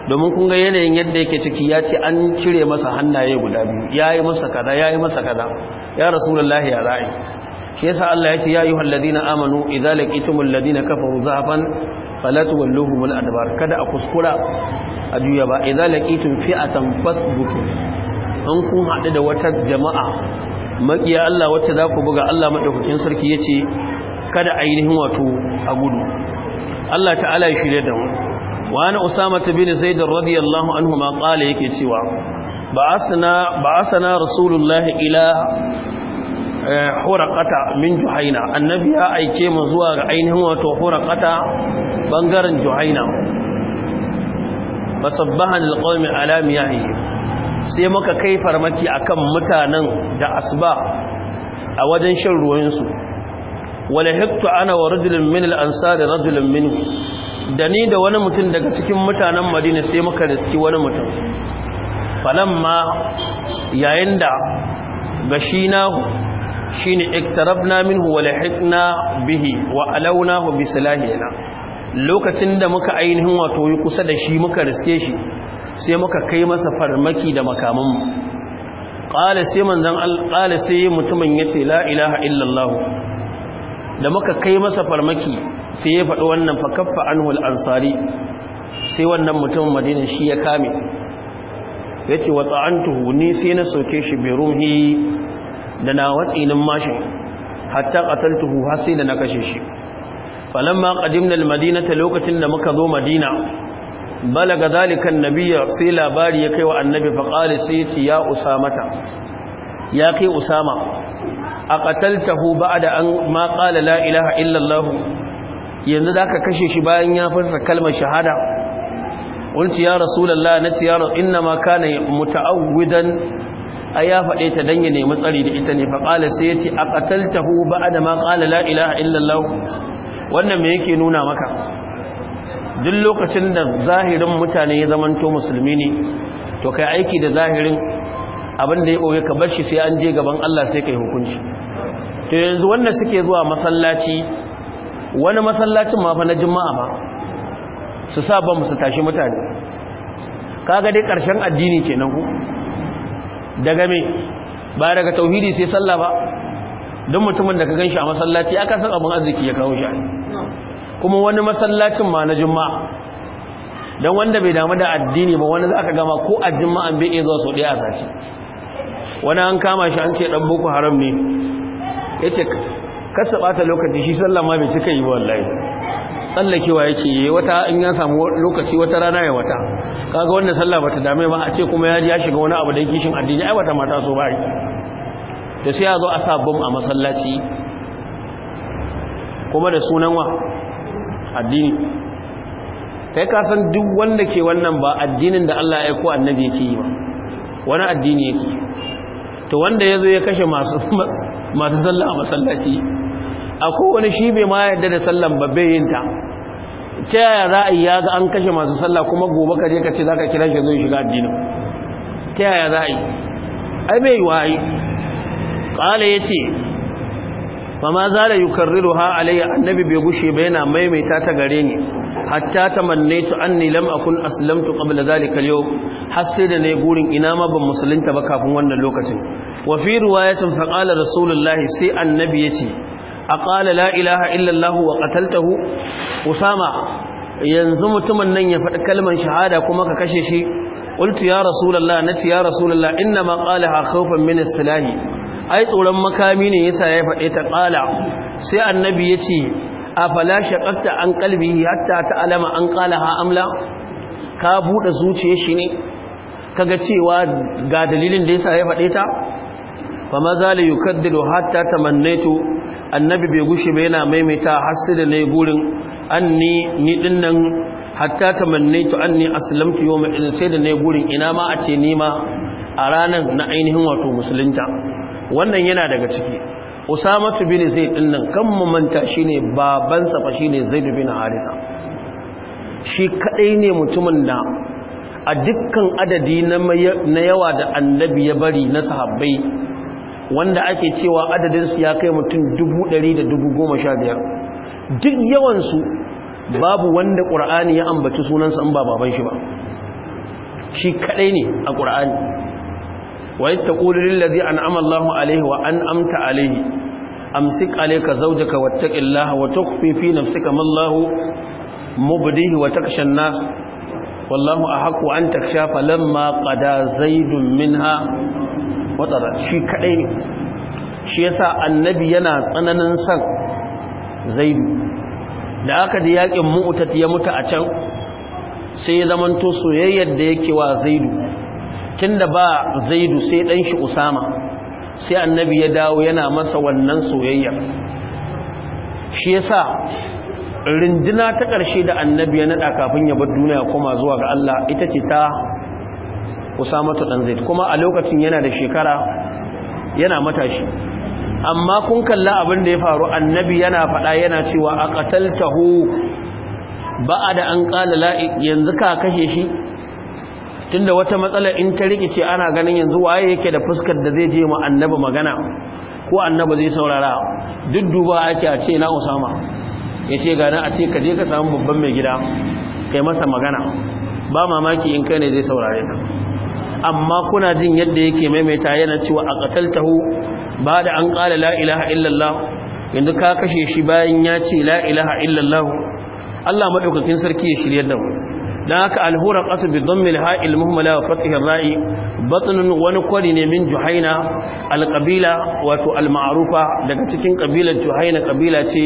domin kun ga yanayin yadda yake ciki ya ce an cire masa hannaye guda biyu ya yi masa kaza ya yi masa kaza ya rasulullahi ya ra'ayi shi yasa Allah ya ce ya yi halladina amanu idza laqitumul ladina zafan falatu fala mul adbar kada a kuskura a juya ba idza a fi'atan fasbuku an kun hadu da wata jama'a makiya Allah wacce za ku buga Allah madaukakin sarki yace kada ainihin wato a gudu Allah ta'ala ya shirye da mu wa ana usama bin zaid radiyallahu anhu ma qala yake cewa ba'asna ba'asna rasulullahi ila eh, huraqata min juhaina annabi ya aike mu zuwa ga ainihin wato huraqata bangaren juhaina fasabbahan alqawmi ala miyahi sai muka kai farmaki akan mutanen da asba a wajen shan ruwansu wala hittu ana wa rajulun min al-ansari rajulun minhu da ni da wani mutum daga cikin mutanen madina sai muka riski wani mutum ma yayin da ga gashinahu shine iktarabna minhu wa bihi wa alawnahu bi silahina lokacin da muka ainihin wato yi kusa da shi muka riske shi sai muka kai masa farmaki da makamun mu sai mutumin ya ce ilaha illallahu. da muka kai masa farmaki sai ya faɗi wannan fakaffa anhul ansari sai wannan mutumin madina shi ya kame ya ce an tuhu ni sai na sauke shi bai rumhi da na watsinin mashin hatta tuhu har sai da na kashe shi ma na madina ta lokacin da muka zo madina bala balaga zalikan nabiya sai labari ya kai wa annabi fa sai ya ya kai usama a qataltahu ba'da an ma qala la ilaha illa allah yanzu zaka kashe shi bayan ya furta kalmar shahada ulti ya rasulullah nati ya inna ma kana muta'awwidan a ya faɗe ta dan ya nemi tsari da ita ne fa qala ya ce a qataltahu ba'da ma qala la ilaha illa allah wannan me yake nuna maka duk lokacin da zahirin mutane ya zamanto musulmi ne to kai aiki da zahirin abin da ya ɓoye ka bar shi sai an je gaban Allah sai ka yi hukunci to yanzu wanda suke zuwa masallaci wani masallacin ma fa na juma'a ma su sa ban su tashi mutane kaga dai ƙarshen addini kenan ku daga me ba daga tauhidi sai sallah ba don mutumin da ka ganshi a masallaci aka san abin arziki ya kawo shi kuma wani masallacin ma na juma'a don wanda bai damu da addini ba wani za ka gama ko a jima'an bai iya zuwa sau ɗaya a sashi wani an kama shi an ce dan boko haram ne yace kasa bata lokaci shi sallah ma bai cika yi wallahi tsallakewa yake wata in ya samu lokaci wata rana ya wata kaga wannan sallah bata dame ba a ce kuma ya ya shiga wani abu da kishin addini ai wata mata so ba yi da sai ya zo a sa bom a masallaci kuma da sunan wa addini kai ka san duk wanda ke wannan ba addinin da Allah ya aiko annabi yake yi ba wani addini yake to wanda ya zo ya kashe masu sallah a masallaci a kowane shi bai ma yadda da sallan babbe yinta ta yaya za a yi ya ga an kashe masu sallah kuma gobe ka je ka ce za ka kira shi zo shiga addinin ta yaya za a yi ai bai yi wayi ƙala ya ce ma ma za da yukarriru ha alayya annabi bai gushe ba yana maimaita ta gare ni hatta tamannaitu anni lam akun aslamtu qabla zalika al-yawm hasse da ne gurin ina ma ban musulunta ba kafin wannan lokacin wa fi riwayatin fa qala rasulullahi sai annabi yace aqala la ilaha illa allah wa qataltahu usama yanzu mutumin nan ya faɗi kalmar shahada kuma ka kashe shi qultu ya rasulullah nati ya rasulullah inna ma qalaha khawfan min as-silahi ai tsoron makami ne yasa ya faɗe ta qala sai annabi yace A afala shaqatta an qalbihi hatta ta alama an qalaha amla ka buɗe zuciyar shi ne kaga cewa ga dalilin da yasa ya fade ta fama zali yukaddidu hatta tamannaitu annabi bai gushi ba yana maimaita hasida ne gurin anni ni dinnan hatta tamannaitu anni aslamtu yawma idin sai da ne gurin ina ma a ce nima a ranan na ainihin wato musulunta wannan yana daga ciki usama bi ne zai nan kan shi manta babansa fa shi ne zai dubi na harisa shi kadai ne mutumin da a dukkan adadi na yawa da annabi ya bari na sahabbai wanda ake cewa adadinsu ya kai mutum dubu ɗari da dubu goma sha biyar duk yawansu babu wanda ƙur'ani ya ambaci sunansa in ba baban shi ba shi kaɗai ne a ƙura'ani wa yattaqulu lillazi an'ama Allahu alaihi wa amta alaihi amsik alayka zawjaka wattaqillaha wa tukhfi fi nafsika ma Allahu mubdihi wa taksha an-nas wallahu ahqqu an taksha falamma qada zaidun minha wa shi kadai ne shi yasa annabi yana tsananin san zaidu da aka da yakin mu'tat ya mutu a can sai ya zamanto soyayyar da yake wa zaidu Tun da ba zaidu sai dan shi usama sai annabi ya dawo yana masa wannan soyayya shi yasa rinduna ta ƙarshe da annabi ya naɗa kafin ya bar duniya kuma zuwa ga Allah ita ce ta usama ta dan zaid kuma a lokacin yana da shekara yana matashi amma kun kalla abin da ya faru annabi yana faɗa yana cewa aqataltahu ba'ada an qala yanzu ka kashe shi tunda wata matsala in ta rikice ana ganin yanzu waye yake da fuskar da zai je mu annabi magana ko annabi zai saurara duk duba ake a ce na Usama yace ga nan a ce ka je ka samu babban mai gida kai masa magana ba mamaki in kai ne zai saurare ka amma kuna jin yadda yake maimaita yana cewa a qataltahu ba da an qala la ilaha illallah yanzu ka kashe shi bayan ya ce la ilaha illallah Allah madaukakin sarki ya shiryar da mu da haka alhura ƙasa bi don mil ha'il muhimmala wa fasihin ra'i batsinin wani kwari ne min juhaina alƙabila wato al-ma'arufa daga cikin ƙabilar juhaina ƙabila ce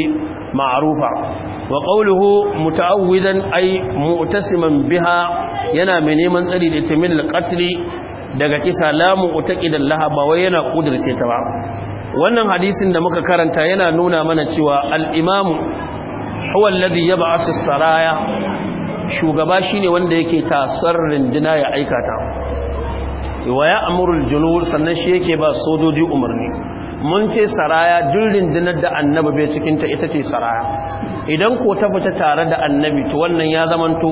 ma'arufa wa ƙauluhu muta'awwidan ai mu'tasiman biha yana mai neman tsari da timin alƙasri daga kisa lamu utaqidan laha ba wai yana kudirce ta ba wannan hadisin da muka karanta yana nuna mana cewa al-imamu huwa alladhi yab'asu saraya shugaba shine wanda yake tasar rindina ya aikata wa ya amurul julul sannan shi yake ba sojoji umarni mun ce saraya duk rindinar da annabi bai cikin ita ce saraya idan ko ta fita tare da annabi to wannan ya zamanto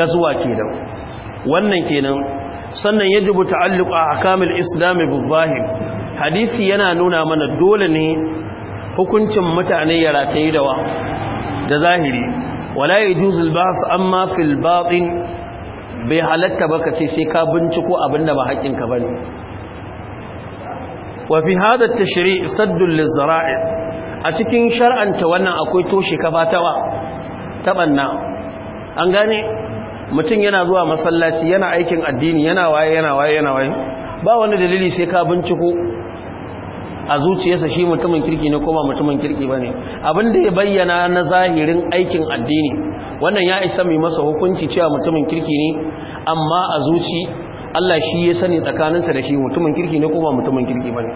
gazuwa kenan wannan kenan sannan yajibu ta'alluq ahkamil islam bi zahir hadisi yana nuna mana dole ne hukuncin mutane ya rataye da wa da zahiri wala يجوز الباس اما amma fil bai halatta ba kace sai ka binciko abinda ba haƙinka bane wa fi hada at-tashri' saddul a cikin shar'anta wannan akwai toshe kafa tawa tabanna an gane mutum yana zuwa masallaci yana aikin addini yana waye yana waye yana waye ba wani dalili sai ka binciko a zuciyarsa shi mutumin kirki ne kuma mutumin kirki ba ne abin da ya bayyana na zahirin aikin addini wannan ya isa mai masa hukunci cewa mutumin kirki ne amma a zuci Allah shi ya sani tsakaninsa da shi mutumin kirki ne kuma mutumin kirki ba ne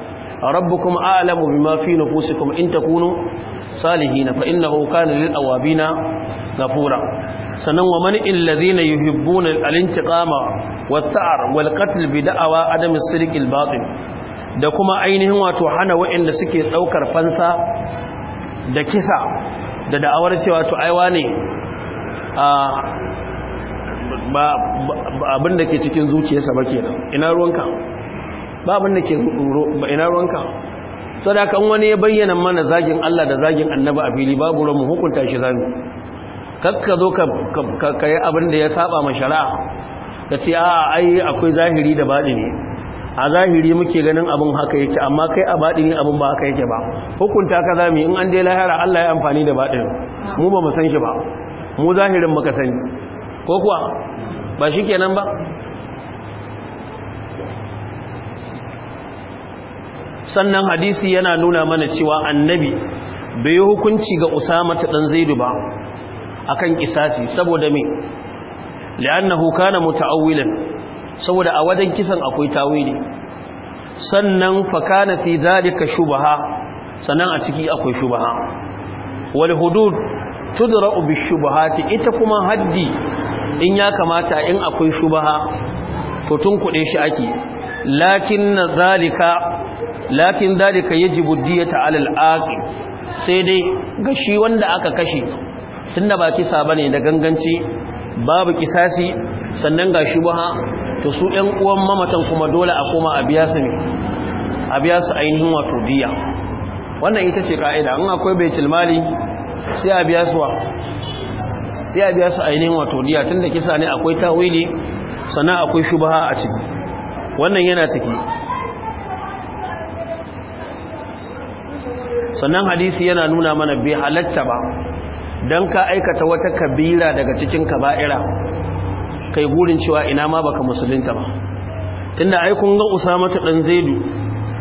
rabbukum a'lamu bima fi nufusikum in takunu salihin fa innahu kana lil awabina ghafura sanan wa man alladhina yuhibbuna al-intiqama wat-ta'r wal-qatl bi da'awa adam as-sidq al-batin da kuma ainihin wato hana waɗanda suke ɗaukar fansa da kisa da da'awar cewa to aiwa ne abin da ke cikin zuciyarsa ba nan. ina ruwanka ba abin da ke ina ruwanka sadakan wani ya bayyana mana zagin Allah da zagin annabi a fili babu ruwan hukunta shi zami kakka zo ka yi abin da ya saba ma shari'a ka ce a ai akwai zahiri da baɗi ne a zahiri muke ganin abin haka yake amma kai a baɗini abin ba haka yake ba hukunta ka yi. in an dai lahara Allah ya amfani da baɗin mu ba mu san shi ba mu zahirin muka sani ko kuwa ba shi kenan ba sannan hadisi yana nuna mana cewa annabi bai yi hukunci ga usama ta ɗan zaidu ba akan kisasi saboda me li'annahu kana muta'awwilan saboda a wajen kisan akwai tawili sannan fakana fi zalika shubha sannan a ciki akwai shubha wal hudud tudra'u bi shubhati ita kuma haddi in ya kamata in akwai shubha to tun kuɗe shi ake lakin zalika lakin zalika yajibu diyata alal aqil sai dai ga shi wanda aka kashe tunda ba kisa bane da ganganci babu kisasi sannan ga shubaha to su ɗan uwan mamatan kuma dole a koma a biya su ne a biya su ainihin wato biya wannan ita ce ka'ida An akwai baitul mali sai a biya su sai a biya su ainihin wato diya tunda kisa ne akwai tawili sannan akwai shubaha a ciki wannan yana ciki sannan hadisi yana nuna mana bai halatta ba don ka aikata wata kabira daga cikin kaba'ira kai gurin cewa ina ma baka musulunta ba tunda ai kun ga Usama ta dan Zaidu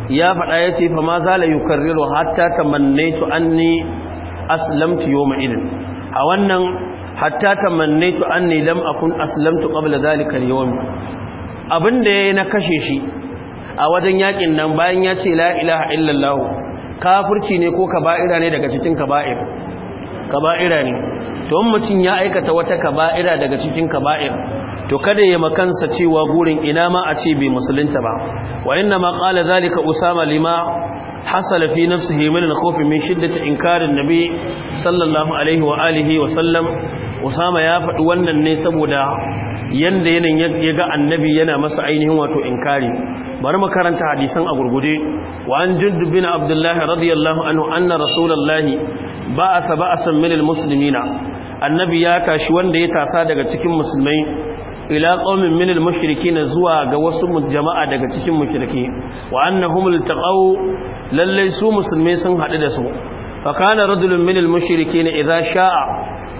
ya faɗa yace fa ma zala yukarriru hatta tamannaitu anni aslamtu yawma idin a wannan hatta tamannaitu anni lam akun aslamtu qabla zalika al-yawm abinda yayi na kashe shi a wajen yakin nan bayan ya ce la ilaha illallah kafirci ne ko kaba'ira ne daga cikin kaba'ir kaba'ira ne to mutum ya aikata wata kaba'ira daga cikin kaba'ir to kada ya makansa cewa gurin ina ma a ce bai musulunta ba wa inna ma qala zalika usama lima hasala fi nafsihi min al-khawf min shiddati inkarin nabi sallallahu alaihi wa alihi wa sallam usama ya faɗi wannan ne saboda yanda yanayin ya ga annabi yana masa ainihin wato inkari bari makaranta hadisan a gurgude wa an jundub bin abdullahi radiyallahu anhu anna rasulullahi ba'atha ba'asan min almuslimina annabi ya tashi wanda ya tasa daga cikin musulmai ila qaumin min almushrikin zuwa ga wasu jama'a daga cikin mushriki wa annahum iltaqaw lalle su musulmai sun hadu da su fa kana rajulun min almushrikin idza sha'a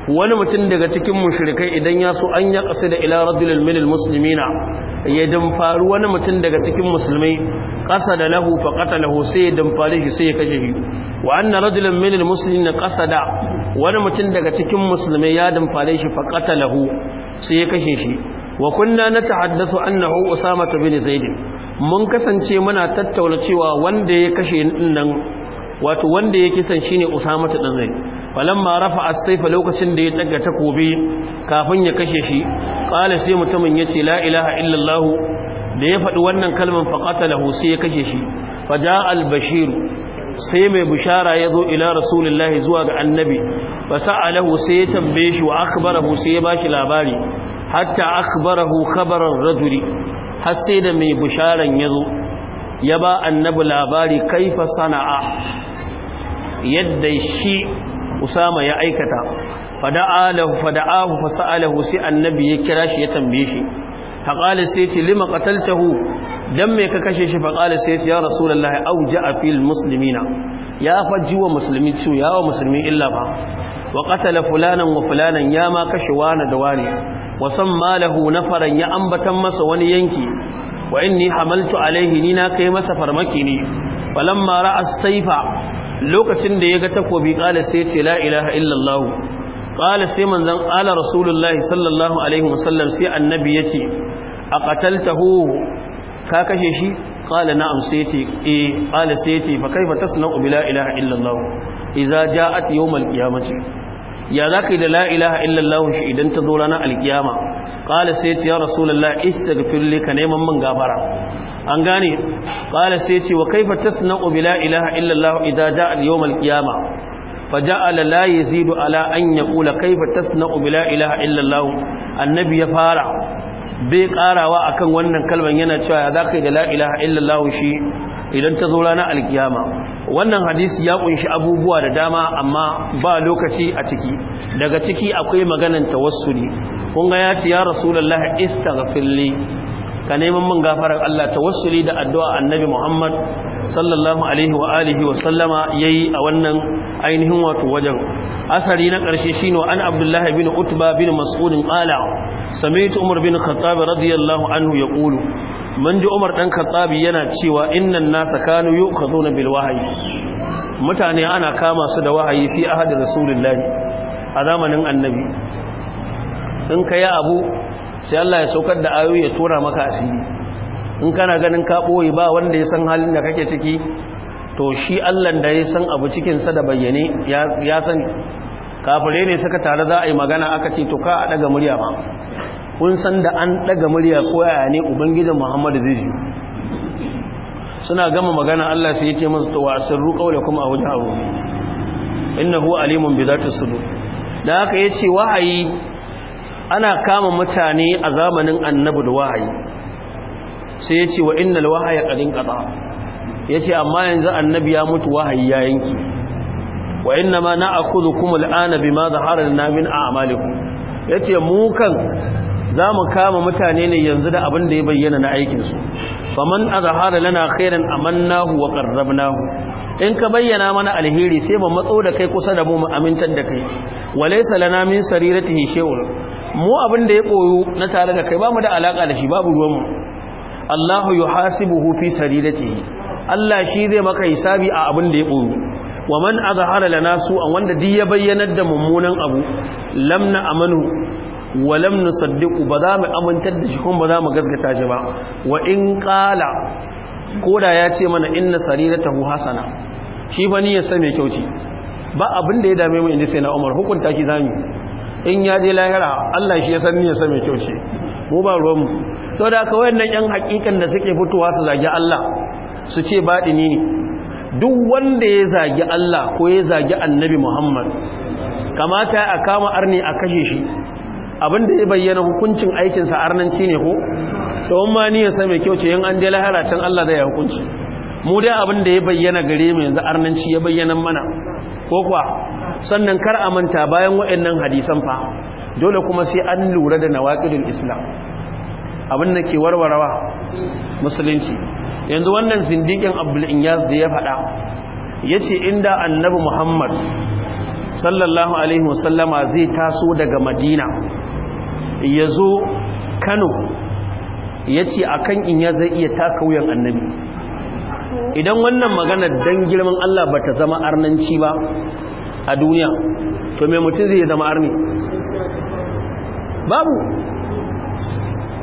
wani mutum daga cikin mushrikai idan ya so an ya kasu da ila radulil minil muslimina ya damfaru wani mutum daga cikin musulmai kasa da lahu fa qatalahu sai ya damfari shi sai ya kashe shi wa anna radulan na muslimina qasada wani mutum daga cikin musulmai ya damfare shi fa qatalahu sai ya kashe shi wa kunna natahaddathu annahu usama bin zaid mun kasance muna tattauna cewa wanda ya kashe nan wato wanda ya kisan shine usama bin zaid falamma rafa as-sayfa lokacin da ya daga takobi kafin ya kashe shi qala sai mutumin ce la ilaha illallahu da ya faɗi wannan kalman faqatalahu sai ya kashe shi faja al bashiru sai mai bishara ya zo ila rasulullahi zuwa ga annabi fasa'alahu sai ya tambaye shi wa akhbarahu sai ya bashi labari hatta akhbarahu khabaran rajuli har sai da mai bisharan ya zo ya ba annabi labari kaifa sana'a yadda shi usama ya aikata fada'alahu fada'ahu fasalahu sai annabi ya kira shi ya tambaye shi faqala sai ce lima qataltahu dan me ka kashe shi faqala sai ce ya rasulullahi auja'a fil muslimina ya faji wa musulmi ciwo ya wa musulmi illa ba wa qatala fulanan wa fulanan ya ma kashe wani da wani wa samma lahu nafaran ya ambatan masa wani yanki wa inni hamaltu alaihi ni na kai masa farmaki ne falamma ra'a as lokacin da ya ga takobi ƙala sai ce la ilaha illallahu, ƙala sai manzan ƙala rasulullahi sallallahu alaihi wasallam sai annabi ya ce a ƙataltahu ka kashe shi ƙala na'am sai ce e ƙala sai ce fa kai fa tasna'u bi la ilaha illallah idza ja'at yawm al-qiyamati ya za ka yi da la ilaha illallahu shi idan ta zo ranar alkiyama ƙala sai ce ya isa istaghfir li ka neman min gafara an gane qala sai ce wa kaifa na bila ilaha illallah idan ja a al-yawm al Fa faja'ala Alalaye yazidu ala an yaqula kaifa tasna'u bila ilaha illallah annabi ya fara bai karawa akan wannan kalman yana cewa ya zaka da la ilaha shi idan ta zo ranar alkiyama wannan hadisi ya ƙunshi abubuwa da dama amma ba lokaci a ciki daga ciki akwai maganan tawassuli kun ga ya ce ya rasulallah istaghfirli ka neman mun gafarar Allah tawassuli da addu'a annabi Muhammad sallallahu alaihi wa alihi wa sallama yayi a wannan ainihin wato wajen asari na ƙarshe shine an Abdullah bin Utba bin Mas'ud qala sami'tu Umar bin Khattab radiyallahu anhu yaqulu man ji Umar dan Khattab yana cewa innan nasa kanu yu'khaduna bil wahyi mutane ana kama su da wahayi fi ahadi rasulullahi a zamanin annabi in kai abu sai Allah ya saukar da ayoyi ya tura maka a asiri in kana ganin ka boye ba wanda ya san halin da kake ciki to shi Allah da ya san abu cikin sa da bayyane ya sani kafire ne suka tare za a yi magana aka ce to ka a daga murya ma kun san da an daga murya ko yaya ne ubangijin Muhammadu zai ji suna gama magana Allah sai ya ce masa to wasirru qawlakum a jahu innahu alimun bi zati sudur da haka yace wahayi ana kama mutane a zamanin annabi da wahayi sai ya ce wa Wahayi wahaya ƙarin ƙasa ya ce amma yanzu annabi ya mutu wahayi ya yanki wa inna ma kuma al'ana za harar namin min Amaliku. ya ce mu kan za mu kama mutane ne yanzu da abin da ya bayyana na aikinsu a za harar lana khairan amannahu wa qarrabnahu in ka bayyana mana alheri sai mu matso da kai kusa da mu mu amintar da kai walaysa lana min sariratihi shay'un mu abin da ya koyo na tare da kai ba mu da alaka da shi babu ruwanmu Allahu yuhasibuhu fi ce Allah shi zai maka hisabi a abin da ya koyo wa man azhara lana a wanda di ya bayyanar da mummunan abu lam na amanu wa lam nusaddiqu ba za mu amintar da shi kuma ba za mu gaskata shi ba wa in qala koda ya ce mana inna sariratahu hasana shi ba ni ya sani kyauci ba abin da ya dame mu inda sai na Umar hukunta ki zamu in ya je lahira Allah shi ya san san mai kyau ce mu ba mu. to da ka wayannan yan hakikan da suke fitowa su zagi Allah su ce baɗini ne duk wanda ya zagi Allah ko ya zagi annabi Muhammad kamata a kama arni a kashe shi Abin da ya bayyana hukuncin aikinsa arnanci ne ko to ya san mai kyau ce in an je lahira can Allah zai hukunci mu dai abin da ya bayyana gare mu yanzu arnanci ya bayyana mana ko kuwa sannan kar a manta bayan waɗannan hadisan fa dole kuma sai an lura da nawaqidul islam abin da ke warwarewa musulunci yanzu wannan zindikin abdul inyas da ya faɗa yace inda annabi muhammad sallallahu alaihi wasallama zai taso daga madina ya zo kano yace akan a in ya zai iya taka wuyan annabi idan wannan magana dan girman allah bata zama arnanci ba a duniya to mai mutum zai zama arni babu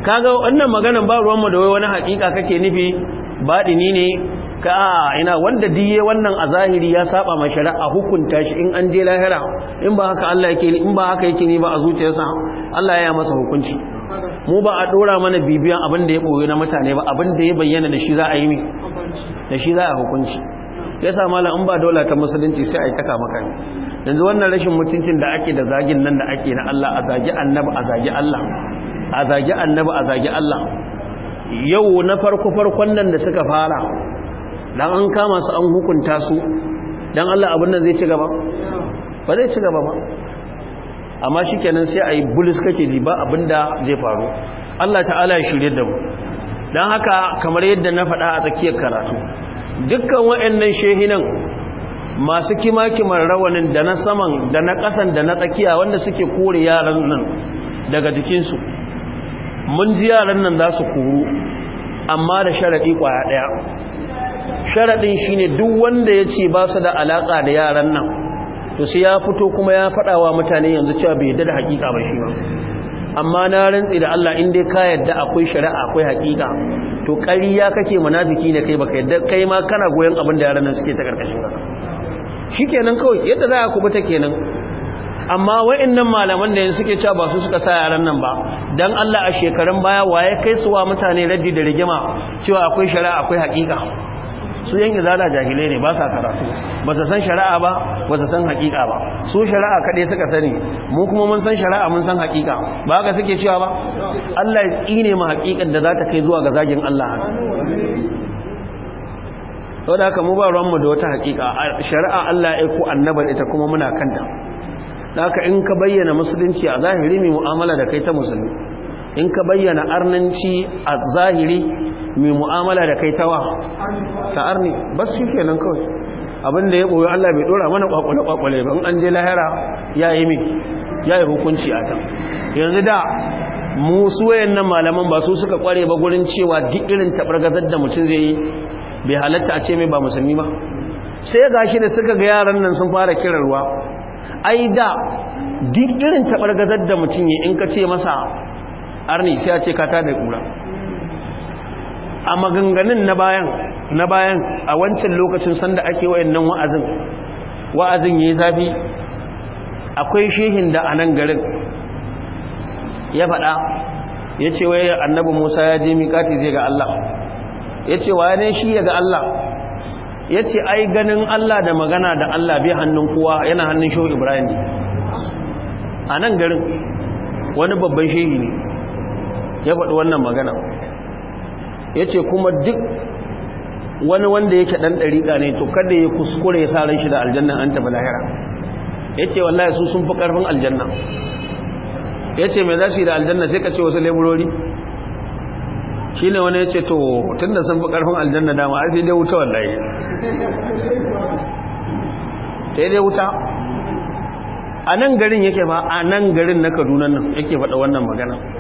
kaga wannan maganan ba ruwanmu da wai wani hakika kake nufi baɗini ne ka ina wanda diye wannan a zahiri ya saba ma shari'a hukunta shi in an je lahira in ba haka Allah yake ni in ba haka yake ni ba a zuciyarsa Allah ya yi masa hukunci mu ba a dora mana bibiyan abin da ya boye na mutane ba abin da ya bayyana da shi za a yi mi da shi za a hukunci yasa malam in ba dola ta musulunci sai a yi taka maka yanzu wannan rashin mutuncin da ake da zagin nan da ake na Allah a zagi annabi a zagi Allah a zagi annabi a zagi Allah yau na farko farkon nan da suka fara dan an kama su an hukunta su dan Allah abin nan zai ci gaba ba zai ci gaba ba amma shikenan sai a yi bulis kake ji ba abinda zai faru Allah ta'ala ya shirye da mu dan haka kamar yadda na faɗa a tsakiyar karatu dukkan waɗannan shehinan masu kimakiman rawanin da na saman da na ƙasan da na tsakiya wanda suke kore yaran nan daga jikinsu mun ji yaran nan za su kuru amma da sharaɗi ƙwaya ɗaya sharaɗin shi ne duk wanda ya ce ba su da alaƙa da yaran nan to sai ya fito kuma ya faɗawa mutane yanzu cewa bai yadda da haƙiƙa ba shi ba amma na rantsi da Allah in dai ka yadda akwai shari'a akwai haƙiƙa to ƙariya kake munafiki ne kai baka yadda kai ma kana goyon abin da yaran nan suke ta karkashin ka shikenan kawai yadda za a ta kenan amma wa'annan malaman da yanzu suke cewa ba su suka sa yaran nan ba dan Allah a shekarun baya waye kai suwa mutane raddi da rigima cewa akwai shari'a akwai haƙiƙa su yan izala jahilai ne ba sa karatu ba su san shari'a ba ba su san hakika ba su shari'a kaɗai suka sani mu kuma mun san shari'a mun san hakika ba ka suke cewa ba Allah ya ne ma hakikan da za ta kai zuwa ga zagin Allah saboda haka mu ba ruwanmu da wata hakika shari'a Allah ya ku annabar ita kuma muna kanta haka in ka bayyana musulunci a zahiri mai mu'amala da kai ta musulmi in ka bayyana arnanci a zahiri mai mu'amala da kai tawa ta arni ba su nan kawai abinda ya ɓoyi Allah bai ɗora mana ƙwaƙwale-ƙwaƙwale Ba an je lahira ya yi min ya yi hukunci a can yanzu da musu wayan nan malaman ba su suka ƙware ba gurin cewa duk irin gazar da mutum zai yi bai halatta a ce mai ba musulmi ba sai ga shi da suka ga yaran nan sun fara kirarwa ai da duk irin gazar da mutum yi in ka ce masa arni sai a ce ka tada kura a maganganun na bayan na bayan a wancan lokacin sanda ake wayannan wa'azin wa'azin yayi zafi akwai shehin da anan garin ya faɗa ya ce waye annabi Musa ya je miƙati zai ga Allah ya ce waye ne shi ya ga Allah ya ce ai ganin Allah da magana da Allah bi hannun kowa yana hannun shehu Ibrahim a nan garin wani babban shehi ne ya faɗi wannan magana ya ce kuma duk wani wanda yake ɗan ɗariƙa ne to kada ya kuskure ya sa ran shi da aljanna an taɓa lahira ya ce wallahi su sun fi ƙarfin aljanna ya ce mai za su yi da aljanna sai ka ce wasu leburori shi ne wani ya ce to tun da sun fi ƙarfin aljanna dama ai sai dai wuta wallahi sai dai wuta a nan garin yake ba a nan garin na kaduna nan yake faɗa wannan magana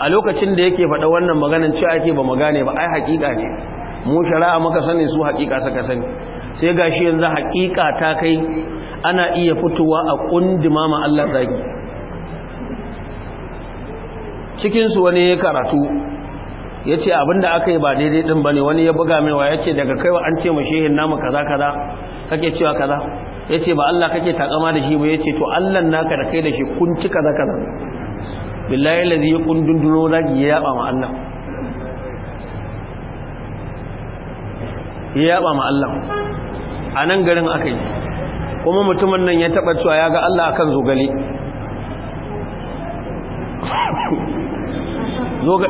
a lokacin da yake faɗa wannan maganin cewa ake ba magane ba ai haƙiƙa ne mu shari'a muka sani su haƙiƙa suka sani sai gashi yanzu haƙiƙa ta kai ana iya fitowa a kundima ma Allah zaki cikin su wani ya karatu yace abinda aka yi ba daidai din bane wani ya buga mai wa yace daga kaiwa an ce mu shehin namu kaza kaza kake cewa kaza yace ba Allah kake takama da shi ba yace to Allah naka da kai da shi kun ci kaza kaza billahi lazi ya kundin duro zagi ya yaba ma Allah ya yaba ma Allah a nan garin aka yi kuma mutumin nan ya taba cewa ya ga Allah akan zogale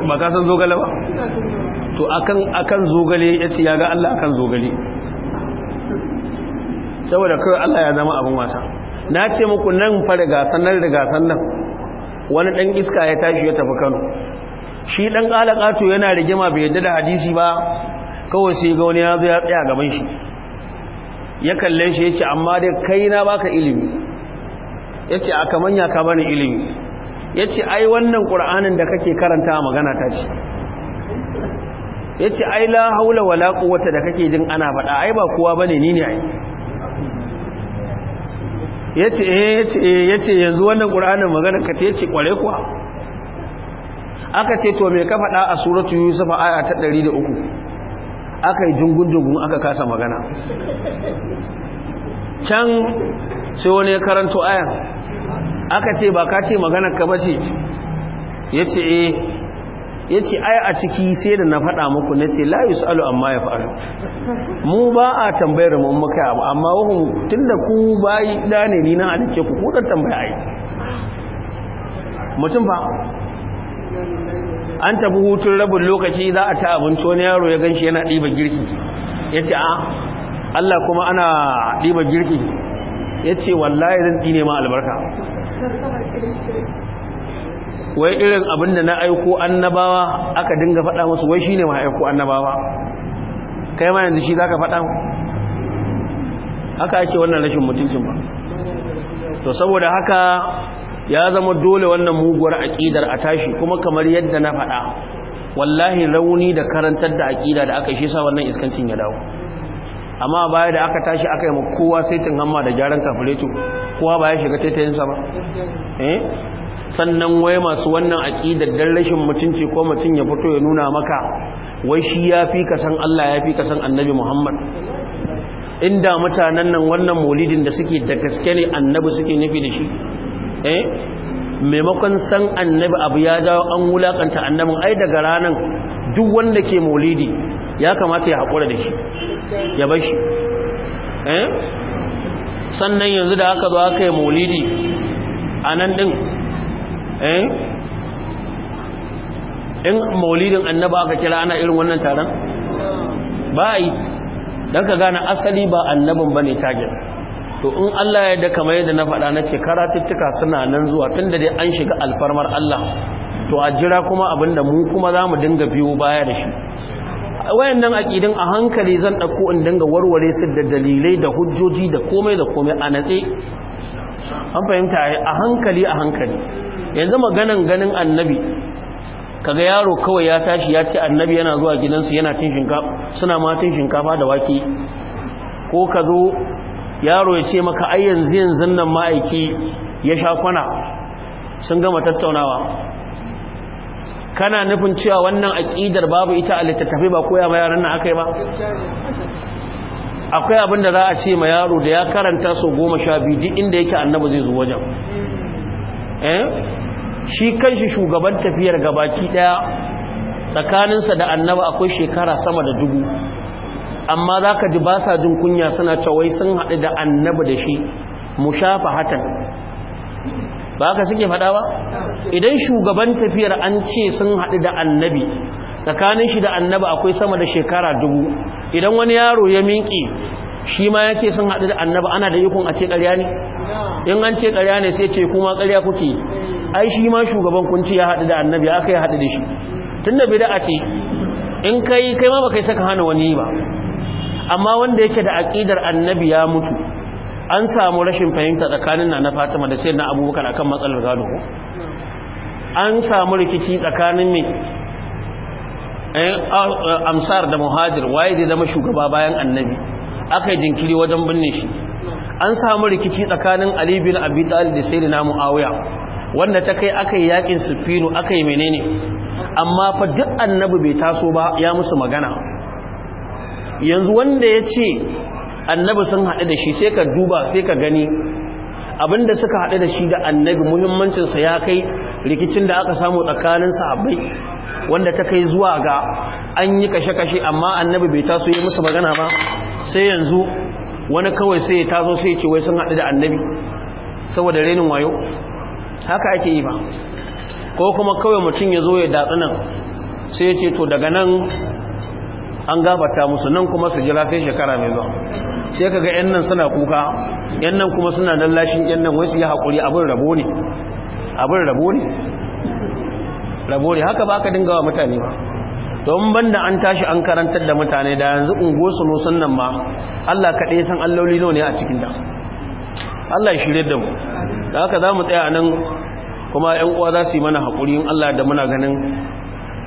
ba ka san zogale ba to akan akan zogale ya ce ya ga Allah akan zogale saboda kawai Allah ya zama abin wasa na ce muku nan fara gasan nan da gasan nan wani ɗan iska ya tashi ya tafi Kano shi dan kalakato yana da gima bai yadda da hadisi ba kawai sai ga wani ya zo ya tsaya gaban shi ya kalle shi ce amma dai kai na baka ilimi Ya a aka manya ka bani ilimi Ya ce ai wannan qur'anin da kake karanta magana ta ce Ya ce ai la haula wala quwwata da kake jin ana faɗa ai ba kowa bane ni ne ai ya ce eh ya ce eh, yanzu wannan ƙur'anin magana ka ta yace ƙware kuwa aka ce to mai ka faɗa a suratu yusufa aya ta 103 aka yi jungun-jungun aka kasa magana can sai wani ya karanto ayan aka ce ba ka ce magana ka ba ce ya ce eh ya ce ai a ciki sai da na faɗa muku na ce layu su'alu amma ya faru mu ba a tambayar mu muka abu amma wahun tun da ku bayi ɗane ni na halice ku kudar tambaya ai mutum ba an tafi hutun rabin lokaci za a ci abinci wani yaro ya gan shi yana ɗiba girki ya ce a Allah kuma ana ɗiba girki ya ce wallahi zan tsine ma albarka wai irin abin da na aiko annabawa aka dinga faɗa musu wai shine ma aiko annabawa kai ma yanzu shi zaka faɗa haka ake wannan rashin mutuncin ba to saboda haka ya zama dole wannan muguwar aƙidar a tashi kuma kamar yadda na faɗa wallahi rauni da karantar da aƙida da aka shi sa wannan iskancin ya dawo amma baya da aka tashi aka yi kowa sai tun hamma da gyaran kafuleto kowa ba ya shiga taitayinsa ba eh sannan wai masu wannan aƙidar dan rashin mutunci ko mutun ya fito ya nuna maka wai shi yafi ka san Allah yafi ka san Annabi Muhammad inda mutanen nan wannan maulidin da suke da gaske ne Annabi suke nufi da shi eh maimakon san Annabi abu ya dawo an wulakanta Annabin ai daga ranan duk wanda ke maulidi ya kamata ya haƙura da shi ya bar shi eh sannan yanzu da aka zo aka yi maulidi a nan din. Eh? in maulidin annaba aka kira ana irin wannan taron ba yi don ka gane asali ba annabin ba ne tagin to in Allah ya da kamar yadda na faɗa na ce karatuttuka suna nan zuwa tun da dai an shiga alfarmar Allah to a jira kuma abinda mu kuma za mu dinga biyo baya da shi wayannan aƙidin a hankali zan ɗauko in dinga warware su da dalilai da hujjoji da komai da komai a natse an fahimta a hankali a hankali yanzu maganan ganin annabi kaga yaro kawai ya tashi ya ce annabi yana zuwa gidansu yana tun shinkafa suna ma shinkafa da wake ko ka zo yaro ya ce maka ai yanzu yanzu nan ma'aiki ya sha kwana sun gama tattaunawa kana nufin cewa wannan aƙidar babu ita a littattafai ba koya ma yaran nan akai ba akwai abin da za a ce ma yaro da ya karanta so goma sha biyu duk inda yake annaba zai zo wajen eh? shi kanshi shugaban tafiyar gabaki daya tsakaninsa da annaba akwai shekara sama da dubu amma za ka ji basa sa jin kunya suna cawai sun haɗu da annaba da shi mu shafa hatan ba ka suke faɗa ba idan shugaban tafiyar an ce sun haɗu da annabi tsakanin shi da annaba akwai sama da shekara dubu idan wani yaro ya minki shi ma yake sun haɗu da annaba ana da ikon a ce ƙarya ne in an ce ƙarya ne sai ce kuma ƙarya kuke ai shi ma shugaban kunci ya haɗu da annabi aka yi haɗu da shi tun da bida a ce in kai kai ma ba kai saka hana wani ba amma wanda yake da aƙidar annabi ya mutu an samu rashin fahimta tsakanin na na fatima da sai na abubakar akan matsalar gado an samu rikici tsakanin mai Eh, ah, eh, amsar da muhajir waye zai zama shugaba bayan annabi aka yi jinkiri wajen binne shi an samu rikici tsakanin ali bin abi talib da sayyidina muawiya wanda ta kai aka yi yakin sufinu aka yi menene amma fa duk annabi bai taso ba ya musu magana yanzu wanda ya ce annabi sun haɗu da shi sai ka duba sai ka gani abinda suka haɗu da shi da annabi muhimmancinsa ya kai rikicin da aka samu tsakanin sahabbai wanda ta kai zuwa ga an yi kashe-kashe amma annabi bai taso yi musu magana ba sai yanzu wani kawai sai ya taso sai ce wai sun haɗu da annabi saboda renin wayo haka ake yi ba ko kuma kawai mutum ya zo ya datsu nan sai ya ce to daga nan an gabata musu nan kuma su jira sai shekara mai zuwa sai kaga yan nan suna kuka yan nan kuma suna nan lashin yan nan wasu ya haƙuri abin rabo ne abin rabo ne rabo ne haka ba ka dinga wa mutane ba don banda an tashi an karantar da mutane da yanzu ungosu nusun nan ma Allah kaɗai san alloli nawa ne a cikin da Allah ya shirye da mu da haka za mu tsaya nan kuma ‘yan uwa za su yi mana haƙuri in Allah da muna ganin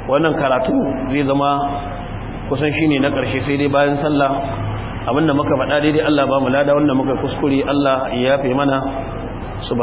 wannan karatu zai zama kusan ne na ƙarshe sai dai bayan sallah abinda muka faɗa daidai Allah ba mu lada wanda muka kuskure Allah ya yafe mana